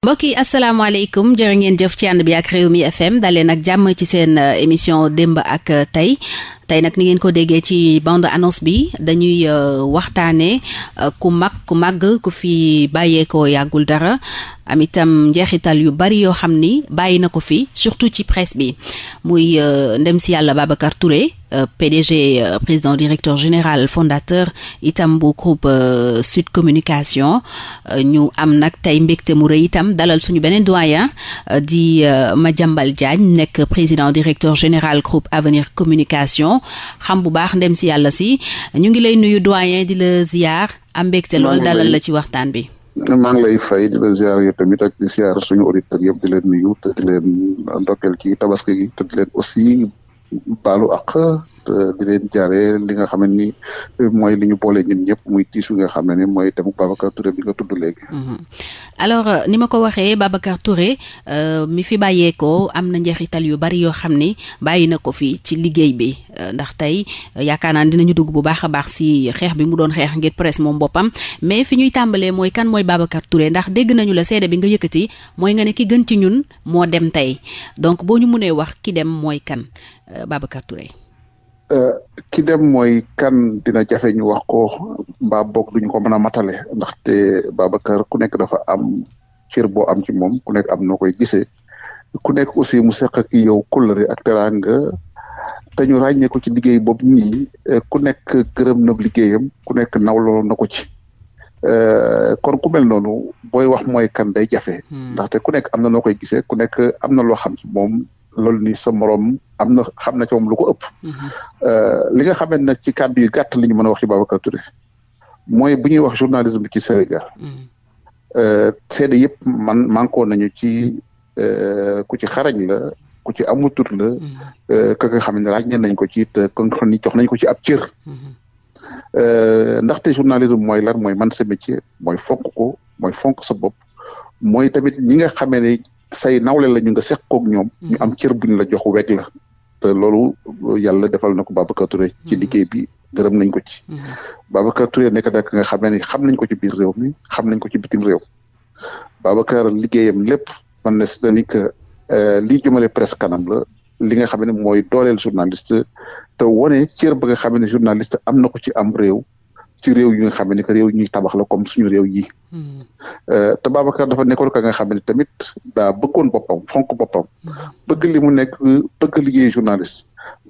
mbokk yi asalaamaaleykum jërë ngeen jëf ci ànd bi ak Rewmi FM daleen ak jàmm ci seen euh, émission démb ak euh, tey tey nag ni ngeen ko déggee ci band annonce bi dañuy euh, waxtaanee ku mag ku màgg ku fi bàyyeekoo yàggul dara am itam njeexital yu bari yoo xam ni bàyyi na ko fi surtout ci presse bi muy euh, ndem si yàlla Babacar Touré euh, PDG euh, président directeur général fondateur itam bu groupe Sud Communication ñu am nag tey mbégte mu rëy itam dalal suñu beneen doyen di ma Madiambal Diagne nekk président directeur général groupe Avenir Communication xam bu baax ndem si yàlla si ñu ngi lay nuyu doyen di la ziyaar am mbégte lool dalal la ci waxtaan bi maa ngi lay fay di la ziar yow tamit ak di ziar suñu auditeurs yëpp di leen nuyu te di leen ndokkeel ci tabaski gi te di leen aussi baalu ak Euh, di leen jaaree li nga xam ni euh, mooy li ñu boole ñun ñëpp muy tiis nga xam ne ni mooy tamit Babacar Touré bi nga tudd léegi. Mhm. alors euh, ni ma ko waxee Babacar Touré mi fi bàyyeekoo am na njeexital yu bari yoo xam ni bàyyi na ko fi ci liggéey bi ndax tey yaakaar naa dinañu dugg bu baax a baax si xeex bi mu doon xeex ngir presse moom boppam mais fi ñuy tàmbalee mooy kan mooy Babacar Touré ndax dégg nañu la seede bi nga yëkkati mooy nga ne ki gën ci ñun moo dem tey donc boo ñu mënee wax ki dem mooy kan Babacar Euh, ki dem mooy kan dina jafe ñu wax ko ba boog duñu ko mën a matale ndaxte Babacar ku nekk dafa am cër boo am ci moom ku nekk am noo koy gisee ku nekk aussi mu seq ak yow kóllëre ak teraanga te ñu ràññee ko ci liggéey boobu nii euh, ku nekk gërëm na liggéeyam ku nekk nawloo na ko ci euh, kon ku mel noonu booy wax mooy kan day jafe. Hmm. ndaxte ku nekk am na noo koy gisee ku nekk am na loo xam ci moom. loolu ni sa morom am na xam na ci moom lu ko ëpp. Mhm. Euh, li nga xamante nag ci ka yu gàtt li ñu mën a wax ci Babacar Touré mooy bu ñuy wax journalisme ci Sénégal. Mhm. Euh, seede yëpp man manqué nañu ci euh, ko ci xarañ la ku ci amul la. Mhm. ka nga xam ne ràññee nañ ko ci te kon xam ko ci ab cër. ndaxte journalisme mooy lan mooy man sa métier mooy fonk ko mooy fonk sa bopp tamit ñi nga say nawle la ñu nga seq koog ñoom. ñu mm-hmm. am cër buñ la jox weg la. te loolu la defal na ko Babacar Touré mm-hmm. ci liggéey bi gërëm nañ ko ci. Mm-hmm. Babacar Touré nekk nag nga xamee ni xam nañ ko ci biir réew mi xam nañ ko ci bitim réew. Babacar liggéeyam lépp man na si ni que euh, lii jëmale presse kanam la li nga xam ne mooy dooleel journaliste te wone cër ba nga xam ne journaliste am na ko ci am réew. ci réew yi nga xam ne que réew ñuy tabax la comme suñu réew yi hmm. euh, te ka dafa nekkoon ka nga xam ne tamit daa bëggoon boppam fonk boppam hmm. bëgg li mu nekk bëgg liggéey journaliste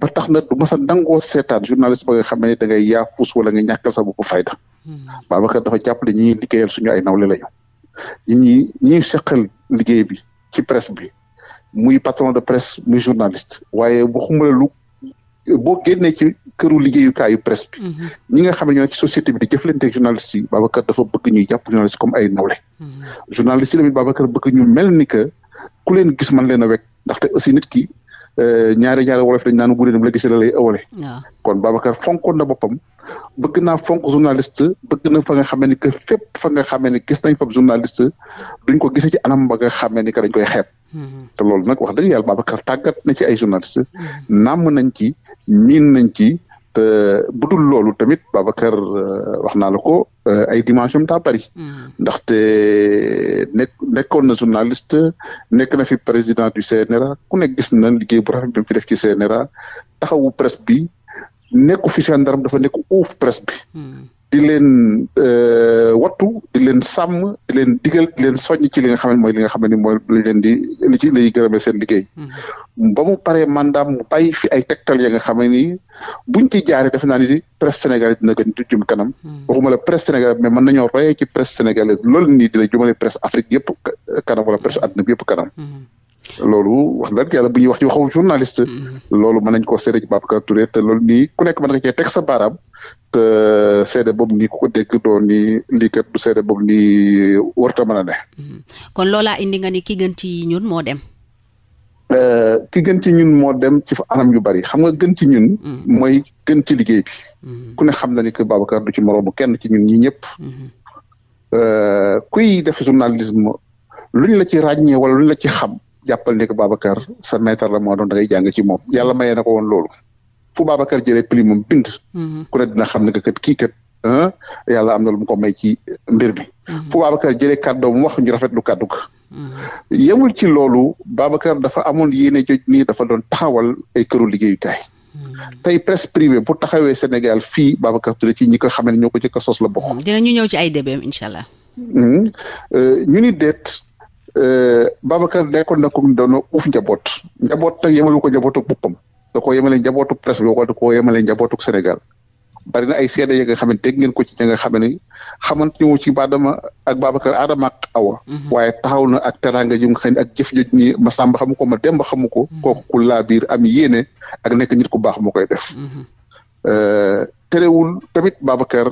ba tax na du mas a nangoo seetaan journaliste ba nga xam ne da ngay yaafus wala nga ñàkkal sa bopp fayda hmm. Babacar dafa jàppale ñi liggéeyal suñu ay nawle lañu ñi ñi ñuy liggéey bi ci presse bi muy patron de presse muy journaliste waaye waxuma la lu boo génnee ci këru liggéeyukaayu presse bi. Mhm. ñi nga xam ne ñoo ci société bi di jëflanteeg journaliste yi Babacar dafa bëgg ñuy jàpp journaliste comme ay nawle. Mhm. journaliste yi tamit Babacar bëgg ñu mel ni que ku leen gis leen a wekk ndaxte aussi nit ki Euh, ñaari ñaari wolof dañ naan guddi dem la gisee la lay ëwale kon Babacar fonkoon na boppam bëgg naa fonk journaliste bëgg na fa nga xamee ni que fépp journaliste duñ ko gisee ci anam ba nga xamee ni que dañ koy xeeb mm-hmm. te loolu nag wax dëgg yàlla Babacar tàggat na ci ay journaliste mm-hmm. namm nañ ci miin nañ ci te bu dul loolu tamit Babacar euh, wax naa la ko euh, ay dimension daa bari. Mm. ndax nekk nekkoon na journaliste nekk na fi président du CNRA ku nekk gis na liggéey bu rafet fi def ci CNRA taxawu presse bi nekku fi gendarme dafa nekk uuf di leen euh, wattu di leen sàmm di leen digal di leen ci li nga xam ne mooy li nga xam ne mooy lañ leen di li ci lay seen liggéey. Mm-hmm. ba mu paree mandaam mu bàyyi fi ay tegtal ya nga xam buñ ci jaar defe naa ni presse sénégalaise dina gën di jëm kanam. Mm-hmm. waxuma la presse sénégalaise mais mën nañoo royee ci presse sénégalaise loolu nii dina jëmale presse Afrique yëpp kanam wala presse àdduna bi kanam. Mm-hmm. loolu wax dëgg yàlla bu ñuy a ci waxu journaliste. loolu mën nañ koo seede ci Babacar Touré te loolu nii ku sa te euh, seede boobu nii ku ko dégg doon ni lii kat du seede boobu nii warta mën a mm. kon loolaa indi nga ni ki gën ci ñun moo dem. Euh, ki gën ci ñun moo dem ci anam yu bari xam nga gën ci ñun. Mm. mooy gën ci liggéey bi. Mm. ku ne xam na ni que Babacar du ci moroomu kenn ci ñun ñi ñëpp. Mm-hmm. Euh, kuy def journalisme luñ la ci ràññee wala luñ la ci xam jàppal ni que Babacar sa maître la moo doon da ngay jàng ci moom yàlla mayee na ko won loolu. fu Babacar jëlee plume am bind. Mhm. ku ne dina xam ne que kii kat yàlla am na lu mu ko may ci mbir mi. Mhm. fu Babacar jëlee kàddoom wax ñu rafetlu kàddu ko. Mhm. yemul ci loolu Babacar dafa amoon yéene joj nii dafa doon taxawal ay këru liggéeyukaay. tey presse privée taxawee Sénégal fii Babacar Touré ci ñi ko xamee ne ñoo ko jëkk a sos la bokk. dinañu ñëw ci ay débeem incha allah. Hmm. Euh, ñu ni deet euh, Babacar nekkoon na ko doon uuf njaboot njaboot nag yemalu ko njabootu boppam. da koo yemale njabootu presse bi wala da koo yemale njabootu Sénégal bari na ay seede yi nga xam ne dégg ngeen ko ci ña nga xam ne xamante ñu ci Badama ak Babacar Adama ak Awa. Mhm. waaye taxaw na ak teraanga yu nga xam ne ak jëf jooju ñi ma sàmba xamu ko ma demba xamu ko. Mhm. kooku ku laa biir am yéene ak nekk nit ku baax moo koy def. Mhm. Euh, terewul tamit Babacar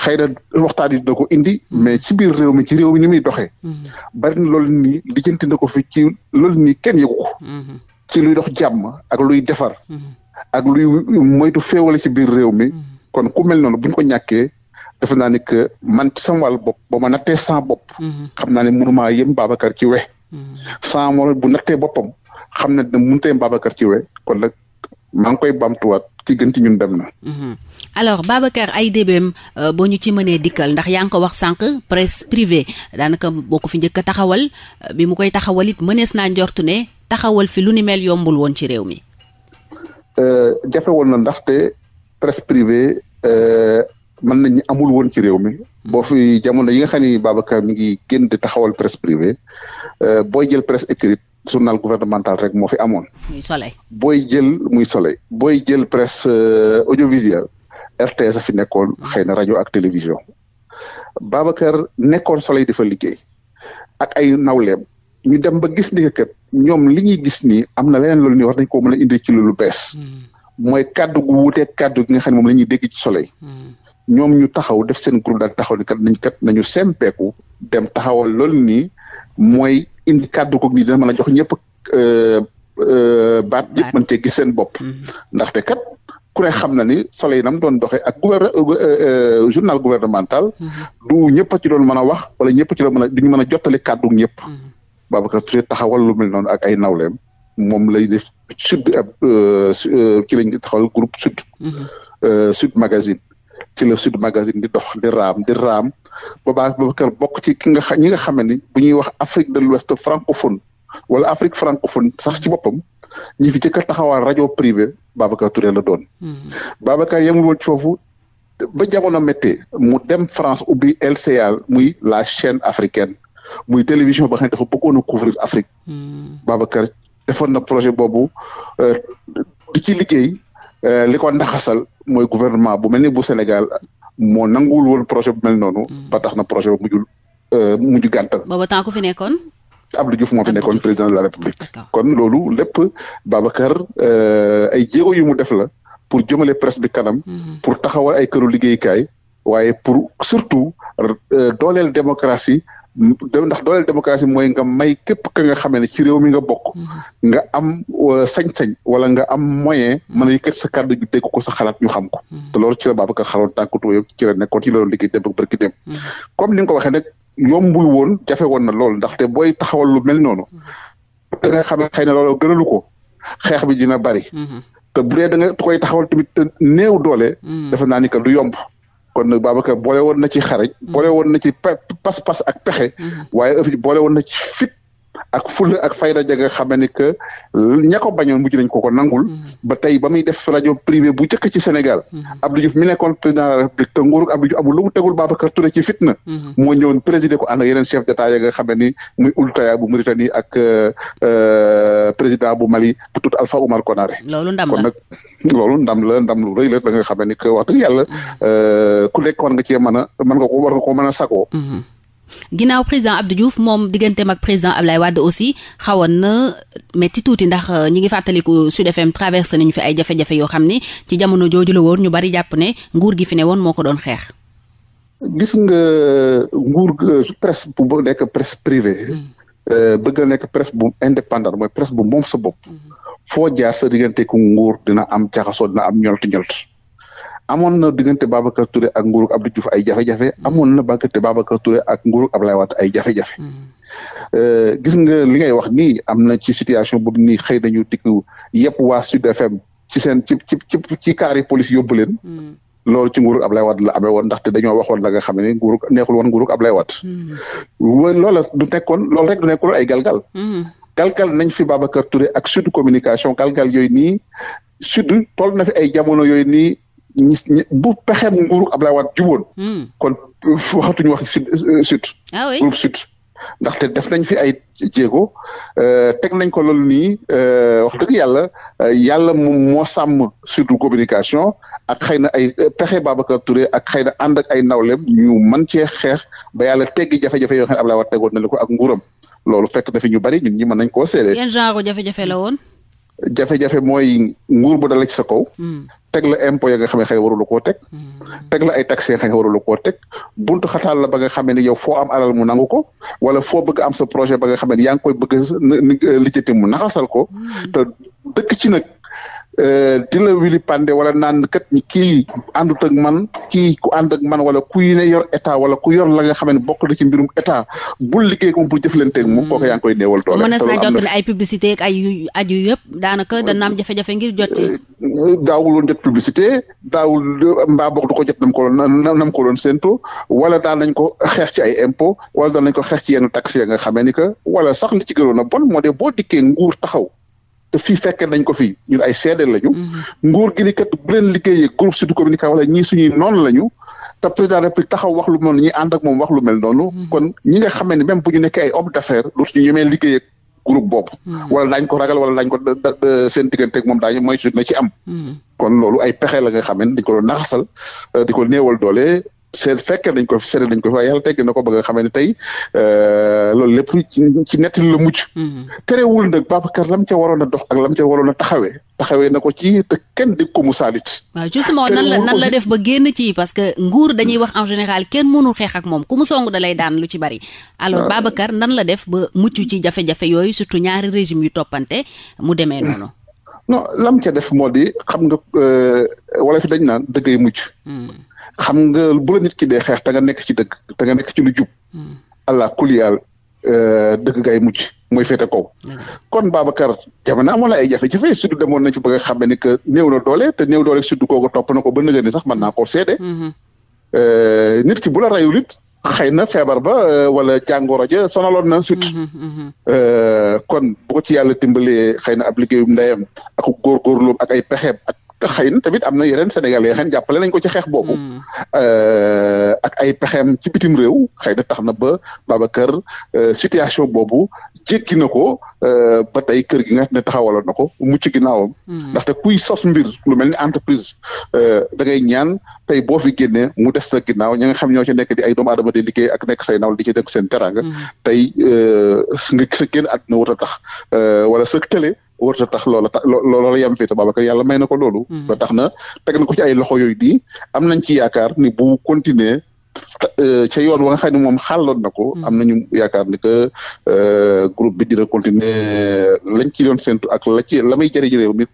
xëy na waxtaan yi dina ko indi. mais ci biir réew mi ci réew mi ni muy doxee. bari na loolu nii lijjanti na ko fi ci loolu nii kenn yëgu ci luy dox jàmm ak luy defar. Mm-hmm. ak luy moytu féewale ci biir réew mi. Mm-hmm. kon ku mel noonu buñ ko ñàkkee defe naa ni que man ci sama wàll bopp a ma nattee bopp. Mm-hmm. xam naa ne mënumaa yem Babacar ci we. sans moom bu nattee xam na ne mënutee Babacar ci we kon nag. maa koy bamtuwaat ci gën ci ñun dem na. Mhm. alors Babacar ay débéem euh, boo ñu ci mënee dikkal ndax yaa ngi ko wax sànq presse privée daanaka boo ko fi njëkk a taxawal euh, bi mu koy taxawal it mënees naa njortu ne taxawal fi lu ni mel yombul woon ci réew mi. Euh, jafe woon na ndaxte presse privée mën nañu amul woon ci réew mi boo fi jamono yi nga xam ni Babacar mi ngi génn di taxawal presse privée boo jël presse écrite. journal gouvernemental rek moo fi amoon. muy booy jël muy soleil. booy jël presque euh, audiovisuelle RTS a fi nekkoon xëy na rajo ak télévision Babacar nekkoon soleil dafa liggéey ak ay nawleem ñu dem ba gis ni ñoom li ñuy gis nii am na leneen loolu ni war nañ koo mën a indi ci lu bees. Mm. mooy kaddu gu wuuteeg kaddu gi nga xam moom la ñuy dégg ci soleil. Mm. ñoom ñu taxaw def seen groupe daal taxaw ni kat nañ kat nañu sempeeku dem taxawal lool nii. mooy indi kàddu ko nii dina a jox ñëpp euh, euh, baat ñëpp man cee gis seen bopp mm-hmm. ndaxte kat ku ne xam na ni soleil nam doon doxee ak gouverne euh, journal gouvernemental mm-hmm. du ñëpp a ci doon mën a wax wala ñëpp ci doon mën a duñu mën a jottali kàddu ñëpp mm-hmm. Babacar Touré taxawal lu mel noonu ak ay nawleem moom lay def sud ci lañ taxawal groupe sud sud magazine ci la sud magazine di dox di raam di raam Boba Babacar bokk ci ki nga xa ni bu ñuy wax Afrique de l'Ouest francophone wala Afrique francophone sax ci boppam ñi fi jëkk a taxawal rajo privé Babacar Touré la doon. Hmm. Babacar yemul woon ci foofu ba jamono méttee mu dem France ubbi LCA muy la chaîne africaine muy télévision ba xam ne dafa a couvrir Afrique. Hmm. Babacar defoon na projet boobu euh, di ci liggéey euh, ndaxasal mooy gouvernement bu mel ni bu Sénégal moo nanguwul woon projet bu mel noonu. Hmm. ba tax na projet bu mujjul euh, mujj gàntal. booba temps ku fi nekkoon. Abdou Diouf moo nekkoon président de la République. kon loolu lépp Babacar euh, ay jéego yu mu def la pour jëmale presse bi kanam. Hmm. pour taxawal ay këru kaay waaye pour surtout euh, dooleel démocratie. ndax dooleel démocratie mooy nga may képp ka nga xamee ne ci réew mi nga bok mm-hmm. nga am euh, sañ-sañ wala nga am moyen mën a yëkkat sa kàddu gi dégg ko sa xalaat ñu xam ko mm-hmm. te loolu ci la Babacar xaloon tànkatu yëpp ci la nekkoon ci la doon liggéey démb ak barki mm-hmm. comme ni nga ko waxee nag yombul woon jafe woon na lool ndaxte booy taxawal lu mel noonu da nga xëy na loolu gënalu ko xeex bi dina bari te bu dee da nga koy taxawal tamit néew doole dafa naa ni que du yomb kon nag Babacar boole ci xarañ. boole mm-hmm. woon ci pas-pas ak pexe. Mm-hmm. waaye boole woon ci fit ak fulla ak fayda ja nga xam ne que ña ko bañoon mujj nañ ko ko nangul. Mm-hmm. ba tey ba muy def rajo privé bu njëkk ci Sénégal. Mm-hmm. Abdou Diouf mi nekkoon président de la République te nguurug Abdou Diouf amul lu mu tegul Babacar Touré ci fitna. Mm-hmm. moo ñëwoon ko ànd ak yeneen chef d'état ya nga xam ni muy Ould Taya bu Mauritanie ak euh, euh, président bu Mali bu tudd Alpha Oumar Konaré. loolu ndam la ndam la ndam lu rëy la da nga xam ne que wax dëgg yàlla euh, ku nekk war nga cee mën a mën nga ko war nga mën a sakoo. ginnaaw président Abdou Diouf moom digganteem ak président Ablaye Wade aussi xawoon na metti tuuti ndax euh, ñi ngi fàttaliku Sud FM traversé nañu fi ay jafe-jafe yoo xam ne ci jamono jooju la woon ñu bari jàpp ne nguur gi fi ne woon moo ko doon xeex. gis nga euh, nguur euh, presse bu nekk presse privée. Hmm. bëgg nekk presse bu indépendant mooy presse bu moom sa bopp. Hmm. foo jaar sa digganteeku nguur dina am jaxasoo dina am ñolt ñolt amoon na diggante Babacar Touré ak nguurug Abdou Diouf ay jafe-jafe mm. amoon na diggante Babacar Touré ak nguurug Ablaye Wade ay jafe-jafe mm. euh, gis nga li ngay wax nii am na ci situation boobu nii xëy nañu dikk yëpp waa Sud FM ci seen ci ci ci ci kaari police yóbbu leen mm. loolu ci nguurug Ablaye Wade la amee woon ndaxte dañoo waxoon la nga xam ne nguurug neexul woon nguurug Ablaye Wade loola du nekkoon loolu rek du nekkoon ay galgal galgal nañ fi Babacar Touré ak Sud Communication galgal yooyu ni Sud toll na fi ay jamono yooyu nii ñi bu pexeem nguuru Abdoulaye Wade juboon. Hmm. kon waxatuñu wax sud euh, sud. ah oui groupe sud. ndaxte def nañ fi ay jéego euh, teg nañ ko loolu nii euh, wax dëgg yàlla yàlla moom moo sàmm surtout communication ak xëy na ay pexe ka Touré ak xëy na ànd ak ay nawleem ñu mën cee xeex ba yàlla teggi jafe-jafe yoo xam ne Abdoulaye Wade tegoon na la ko ak nguuram loolu fekk na fi ñu bari ñun ñi mën nañ koo seede. yan jafe-jafe la woon. jafe mooy nguur bu dala ci sa kaw. Hmm. teg la impôt ya nga xam ne xëy warula koo teg hmm. teg la ay taxes ya nga warula koo teg buntu xataal la ba nga am alal mu nangu ko wala foo bëgg am sa projet ba nga xam ne yaa ngi koy bëgg naxasal ko hmm. te dëkk Euh, di la wili pande wala naan kat kii àndut ak man kii ku ànd ak man wala kuy ne yor état wala ku yor la nga xam ne bokk na ci mbirum état bul liggéey ak moom bul jëflante ak moom kooku yaa ngi koy néewal doole. mën na saa jottali ay publicité ak ay yu aju yëpp daanaka dana am jafe-jafe ngir jot ci. Euh, daawul woon jot publicité daawul mbaa boog du ko jot nam ko doon nam ko doon séntu wala daan nañ ko xeex ci ay impôt wala daan nañ ko xeex ci yenn taxes ya nga xamee ni que wala sax li ci gënoon a bon moo de boo dikkee nguur taxaw te fii fekkee nañ ko fii ñun ay seede lañu. Mm-hmm. nguur gi ni kat bu leen liggéeyee groupe Sud Communication wala ñii suñuy noonu lañu. te président république taxaw wax lu mel noonu ñi ànd ak moom wax lu mel noonu. Mm-hmm. kon ñi nga xamee ne même bu ñu nekkee ay homme d'affaires dootuñu yemee liggéey groupe boobu. Mm-hmm. wala daañu ko ragal wala daañu ko seen digganteeg moom daañu moytu na ci am. kon loolu ay pexe la nga xam ne dañu ko doon naxasal euh, di ko néewal doole seet fekkee dañ ko seet dañ ko waaye yàlla tegg na ko ba nga xamee ne tey euh, loolu lépp ci nettali la mucc mm-hmm. terewul nag Babacar lam ca waroon a dox ak lam ca waroon a taxawee taxawee na ko ci te kenn di ko mu saalit waaw justement nan la nan la def ba génn ci parce que nguur dañuy wax en général kenn mënul xeex ak moom ku mu song da lay daan lu ci bari alors Babacar nan la def ba mucc ci jafe-jafe yooyu surtout ñaari régime yu toppante mu demee noonu non lam ca def moo di xam nga euh, wala fi dañ naan dëggay mujj. Hmm. xam nga bu nit ki dee xeex te nga nekk ci dëgg te nga nekk ci lu jub. allah hmm. kuliyal euh, dëgg gaay mujj mooy féete kaw. kon Babacar jamono amoon na ay jafe-jafe surtout demoon na ci bëgg a xam ne que néew na doole te néew doole surtout kooku topp na ko ba nëgë sax mën naa koo seede. Hmm. Euh, nit ki bu la xëy na feebar ba euh, wala jàngoro ja sonaloon na sut mhm, mhm, mhm. euh, kon bu ci yàlla dimbalee xëy na ab liggéeyum ndeyam ak góorgóorlu ak ay pexeem ak xëy na tamit am na yeneen sénégalais xëy na jàppale nañ ko ci xeex boobu mm. euh, ak ay pexem ci bitim réew xëy na tax na ba Babacar situation boobu jéggi na ko euh, ba tey kër gi nga xam ne taxawaloon na ko mucc ginnaawam. Hmm. ndaxte kuy sos mbir lu mel ni euh, da ngay ñaan tey bo fi génnee mu des sa ginnaaw ñi nga xam ñoo ci nekk di ay doomu aadama di liggéey ak nekk say naw di ci dénk hmm. tey euh, nga sa génn àdduna war a tax wala sa télé. warta tax loola tax loola yam fii te Babacar yàlla may na ko loolu. Hmm. ba tax na teg na ko ci ay loxo yooyu di am nañ ci yaakaar ni bu continuer Euh, ca yoon wa nga xam ne moom xàlloon na ko. Mm. am nañu yaakaar ne que euh, groupe bi dina continuer euh, lañ ci doon séntu ak la ci la may jëriñ réew mi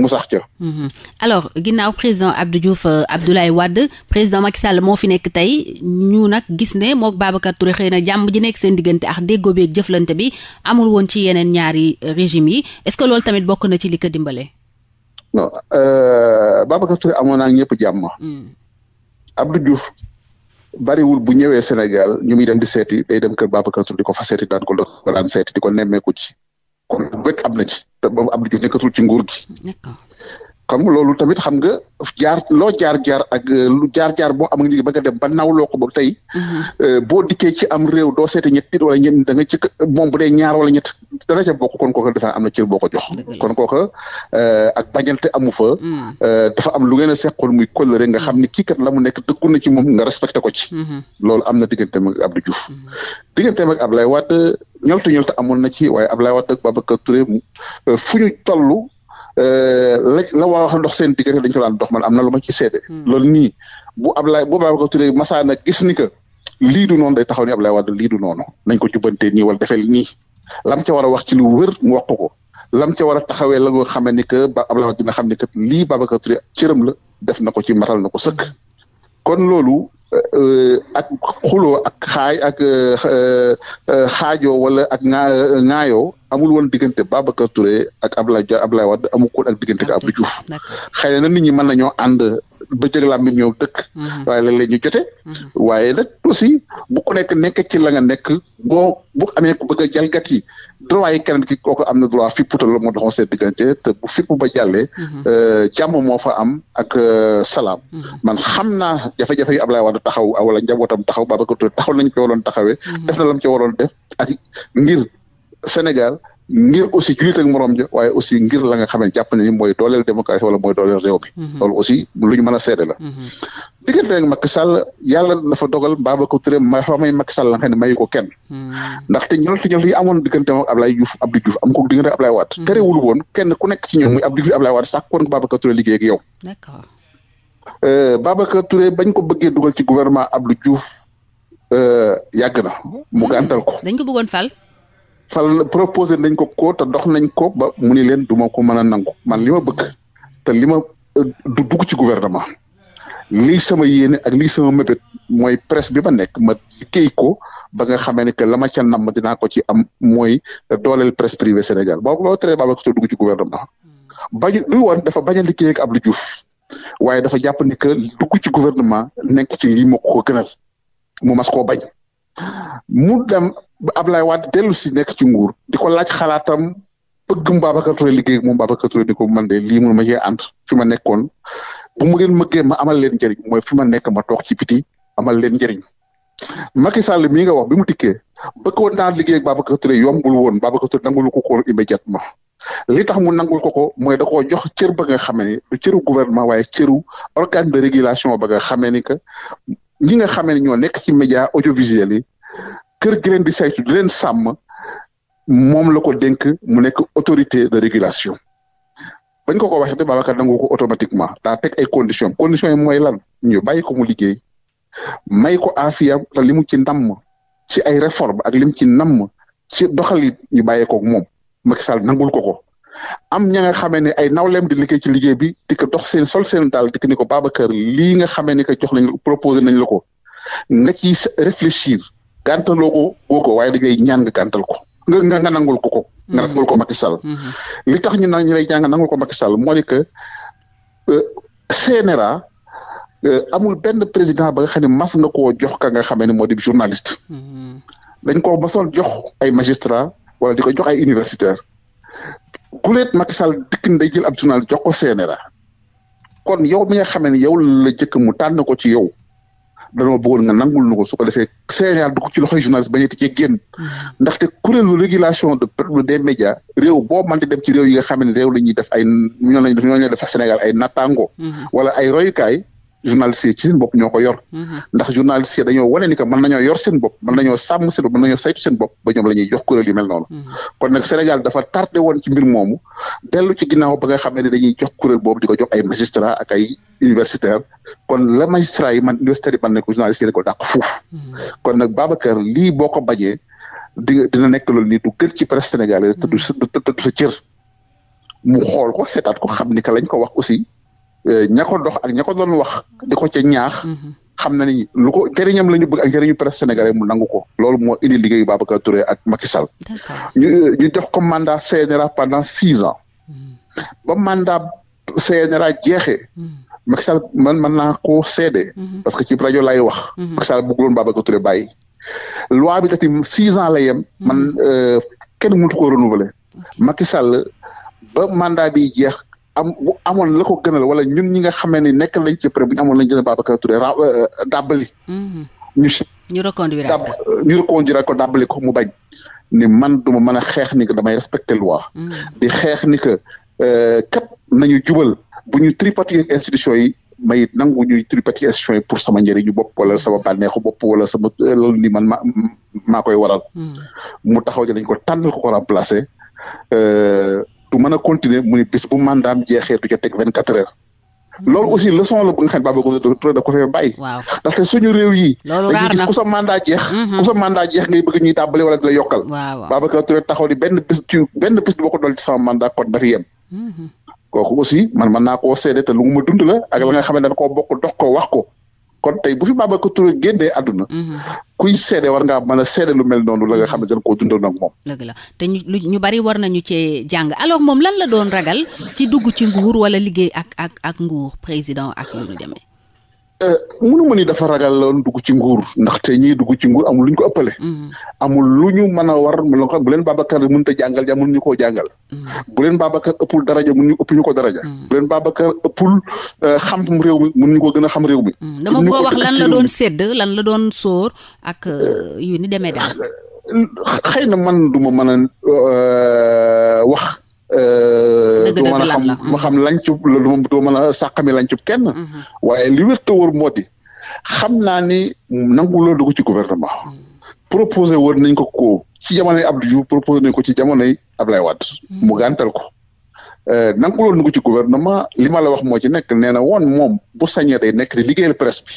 mu sax ca. Mm-hmm. alors ginnaaw président Abdou Diouf Abdoulaye wadd président Macky Sall moo fi nekk tey ñu nag gis ne moo Babacar Touré xëy na jàmm ji nekk seen diggante ak déggoo beeg jëflante bi amul woon ci yeneen ñaari régime yi est-ce que loolu tamit bokk na ci li ko dimbale. non Babacar Touré amoon naa ñëpp jàmm. Mm. Abdou Diouf bariwul bu ñëwee Sénégal ñu muy dem di seeti day dem kër Babacar di ko fa seeti daan ko ko daan seeti di ko nemmeeku ci kon wekk am na ci te boobu Abdou nekkatul ci nguur gi. xam nga loolu tamit xam nga jaar loo jaar jaar euh, lu jaar jaar boo am nga ba nga dem ba nawloo ko ba tey. Mm-hmm. Euh, boo dikkee ci am réew doo seete ñett nit wala ñett da nga ci moom bu dee ñaar wala ñett dana ca bokk kon kooka dafa am na cër ko jox. kon kooka euh, ak bañante fa. Mm. dafa am lu ngeen a seqoon muy kóllëre nga xam ne mm. kii kat la mu nekk dëggu na ci moom nga respecté ko ci. Mm-hmm. loolu am na digganteem ak Abdou mm-hmm. amoon na ci waaye Ablaye Wade ak Babacar Touré fu ñu toll. Euh, la la waa wax dox seen diggante dañu ko daan dox man am na lu ma ci seede. Hmm. loolu nii bu Ablaye bu Babacar Touré masaana gis ni que lii du noonu day taxaw ni Ablaye Wade lii du noonu nañ ko jubbantee nii wala defee nii lam ca war a wax ci lu wër mu wax ko lam ca war a taxawee la nga xamee ni que ba Ablaye Wade dina xam ni que lii Babacar Touré cëram la def na ko ci matal na ko sëkk kon loolu. Euh, ak xuloo ak xaay ak euh, euh, xaajoo wala ak aa ŋaayoo amul woon diggante Babacar Touré a Abdoulaye Dia Abdoulaye Wade amul koon ak diggante ak Abdou Diouf xëy na nit ñi mën nañoo ànd ba jëg lam bi ñëw dëkk mhm. waaye léeg-léeg ñu jote mhm. waaye nag aussi bu nekk nekk ci la nga nekk boo bu amee ko jalgati droit yi keneen ki kooku am na droit fipputal la moo doxoon seen diggante te bu fipp ba jàllee jàmm moo a am ak euh, salaam mhm. man xam naa jafe-jafe yi Ablaye Wade taxaw wala njabootam taxaw Babacar Touré taxaw nañ ko waroon mhm. def na lam ci def ak ngir Sénégal ngir aussi jullit ak morom ja waaye aussi ngir la nga xam ne jàpp nañu mooy wala mooy dooleel réew mi. Mhm. loolu aussi lu ñu mën a seede la. Mhm. diggante ak Macky Sall yàlla dafa dogal Babacar Touré ma fa may Macky Sall la mayu ko kenn. Mhm. ndaxte ñoom te ñoom yi amoon diggante moom Ablaye Diouf Abdou am ko diggante Ablaye Wade. terewul woon kenn ku nekk ci ñoom muy Abdou Diouf Ablaye Wade sax kon Babacar Touré liggéey ak yow. d'accord euh, Babacar Touré bañ ko bëggee dugal ci gouvernement Abdou Diouf euh, yàgg na mu ko. fal proposé nañ ko ko te dox nañ ko ba mu ni leen du ma ko mën a nangu man li ma bëgg te li ma euh, du dugg ci gouvernement lii sama yéene ak lii sama mébét mooy presse bi ma nekk ma liggéey ko ba nga xamee ne que la ma ca namm ko ci am mooy dooleel presse privée Sénégal boo loolu tere baa ko dugg ci gouvernement bañ luy woon dafa bañ a liggéey ak Abdou waaye dafa jàpp ni que dugg ci gouvernement nekk ci lii moo ko gënal mu mas bañ ba am Ablaye Wade dellu si nekk ci nguur di ko laaj xalaatam bëgg mu Babacar Touré liggéey moom Babacar Touré ni ko man de lii mun ma cee ànd fi ma nekkoon bu mu ngeen mëggee ma amal leen njëriñ mooy fi ma nekk ma toog ci biti amal leen njëriñ Macky Sall mii nga wax bi mu tikkee bëggoon naa liggéey ak Babacar woon Babacar Touré nangul ko ko ma li tax mu nangul ko ko mooy da koo jox cër ba nga xamee ni du cëru gouvernement waaye cëru organe de régulation ba nga xamee ni que ñi nga xamee ñoo nekk ci média audiovisuel yi kër gi leen di saytu di leen sàmm moom la ko dénk mu nekk autorité de régulation bañ ko ko waxee te Babacar nangu ko automatiquement daa teg ay condition condition yi mooy lan ñu bàyyi ko mu liggéey may ko afiyam te li mu ci ndàmm ci ay réforme ak li mu ci namm ci doxalit ñu bàyyee ko moom Macky Sall nangul ko ko am ña nga xamee ne ay nawleem di liggéey ci liggéey bi di ko dox seen sol seen daal di ko ni ko Babacar lii nga xamee ne que jox nañ proposé nañ la ko nga ci réfléchir gàntaloo ko woo waaye dañ lay ñaan nga gàntal ko nga nga nangul ko ko. nga mm-hmm. nangul ko Macky Sall. Mm-hmm. li tax ñu naan ñu lay nga nangul ko Macky Sall moo que euh, CNRA euh, amul benn président ba nga xam ne mas nga ko jox ka nga xamee ne moo di journaliste. Mm-hmm. dañ koo masoon jox ay magistrat wala di ko jox ay universitaire guleet Macky Sall dikk day jël ab journal jox ko CNRA kon yow mi nga xamee ne yow la jëkk mu tànn ko ci yow. danoo bëggoon nga nangul nu ko su ko defee Sénégal dugg ci loxoy journaliste bañ a ci génn mm. ndaxte kuréelu régulation de des médias réew boo mënti dem ci réew yi nga xam ne réew ñuy def ay ñoo lañ ñoo lañ def Sénégal ay nattango mm-hmm. wala ay royukaay journalistes yi ci seen ko yor mhm. ndax journalistes yi dañoo wane ni que yor seen bopp mën nañoo sàmm seen bopp mën nañoo saytu seen bopp ba ñoom la ñuy jox kuréel mhm. kon nag Sénégal dafa tardé woon ci mbir moomu dellu ci ginnaaw ba nga xam ne dañuy jox kuréel boobu di ko jox ay magistrat ak la magistrat yi man universitaire yi man ne ko yi ne ko dàq fuuf mhm. kon nag Babacar lii boo ko bañee di dina nekk loolu ni du gën ci presse sénégalaise te du sa cër mu xool ko seetaat ko xam ni que lañ ko wax aussi Euh, ña ko dox ak ña wax di ca ñaax. Mhm. xam na ni lu ko njëriñam la ak njëriñu presse mu nangu ko. loolu moo indi liggéeyu Babacar Touré ak Macky Sall. ñu euh, ñu jox ko mandat CNRA pendant six ans. Mhm. ba mandat CNRA jeexee. Mhm. Macky Sall man mën naa seede. parce que ci rajo laay wax. Macky Sall bëgguloon Babacar Touré bàyyi. loi bi tamit six ans la yem. man euh, kenn mënut ko renouveler. Macky Sall ba mandat bi jeex. am bu amoon la ko gënal wala ñun ñi nga ni nekk lañ ci pré bu ñu amoon lañ gën a Babacar Touré ra euh, dàbbali mm-hmm. ñu si ko dàbbali ko mu bañ ni man du mën a xeex ni que damay respecter loi mm-hmm. di xeex ni que euh, képp nañu jubal bu ñu tripatouiller institution yi may nangu ñuy tripatouiller institution yi pour sama njëriñu bopp wala sama bànneexu bopp wala sama euh, loolu ni man ma maa koy waral mm-hmm. mu taxaw ko tànnal ko ko remplacer du mën a continuer mu ni bis bu mandaam jeexee du ca teg vingt quatre heures loolu aussi leçon la bu nga xam ne Babacar Touré da ko mm-hmm. benn bis ci benn bis du mm-hmm. bokk dox ko wax ko kon tey bu fi Babacar Touré génnee àdduna. Mhm. kuy seede war ngaa mën a seede lu mel noonu la nga mhm. xamante ne koo dundoon ak moom. dëgg la te ñu ñu bari war nañu cee jàng alors moom lan la doon ragal ci dugg ci nguur wala liggéey ak ak ak nguur président ak yu ñu demee. Euh, mënu ma ni dafa ragal loon dugg ci nguur ndaxte ñii dugg ci nguur am lu ñu ko ëppale. Mm-hmm. amul lu ñu mën a war loo xam bu leen Babacar mënut a jàngal ja mënuñu koo jàngal. Mm-hmm. bu leen Babacar ëppul daraja mënuñu ëpp ñu ko daraja. Mm-hmm. bu leen Babacar ëppul euh, xam réew mi ñu ko gën a xam réew mi. dama bëgg ko wax lan la doon sédd lan la doon sóor ak euh, yu ni daal. xëy na man du ma mën a wax. Euh, du mën a xam lañ xam lancub loolu du mën a sàqami lancub kenn mm-hmm. waaye li wér te moo di xam naa ni nanguloo dugg ci gouvernement mm. proposé woor nañ ko ko ci jamonoy Abdou Diouf proposé nañ ko ci jamonoy Ablaye Wade mm-hmm. mu gàntal ko euh, nanguloo dugg ci gouvernement li ma la wax moo ci nekk nee na woon moom bu sañee day nekk di liggéeyal presse bi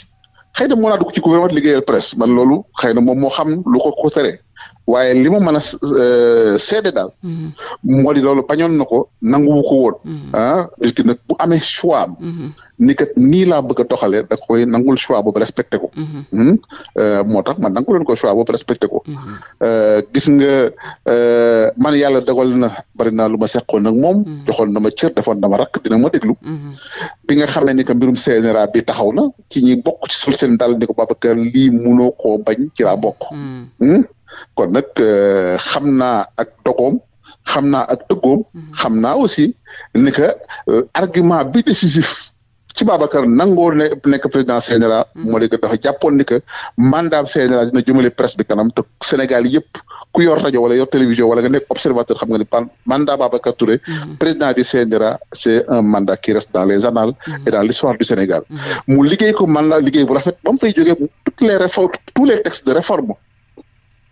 xëy na moo naa dugg gouvernement liggéeyal presse man loolu xëy na moom moo xam lu ko ko waaye li ma mën a euh, seede daal. Mm-hmm. moo di loolu bañoon na ko nanguwu ko woon. Mm-hmm. ah nit nag bu amee choix am. Mm-hmm. ni kat nii laa bëgg a doxalee da koy nangul choix boobu respecté ko. Hmm? Euh, moo tax man nanguloon ko choix boobu respecté ko. Euh, gis nga man yàlla dogal na bari naa lu ma seqoon nag moom. joxoon na ma cër defoon na ma rakk dina ma déglu. bi nga xamee ni que mbirum CNRA bi taxaw na ci ñi bokk ci sol seen dal ni ko Babacar lii munoo koo bañ ci bokk. Hmm? kon nag euh, xam naa ak dogoom naa ak dëggoom mhm. naa aussi ni que euh, argument bi décisif ci Babacar nangoo ne nekk président CNRA mhm. moo léegi dafa jàppoon ni que mandat CNRA dina jëmale presse kanam te Sénégal yëpp ku yor rajo wala yor télévision wala nga nekk observateur xam nga ni mandat Babacar Touré mhm. président du CNRA c'est un mandat qui reste dans les annales et dans l'histoire du Sénégal mu liggéey ko mandat liggéey bu rafet ba mu fay jógee tous les textes de réforme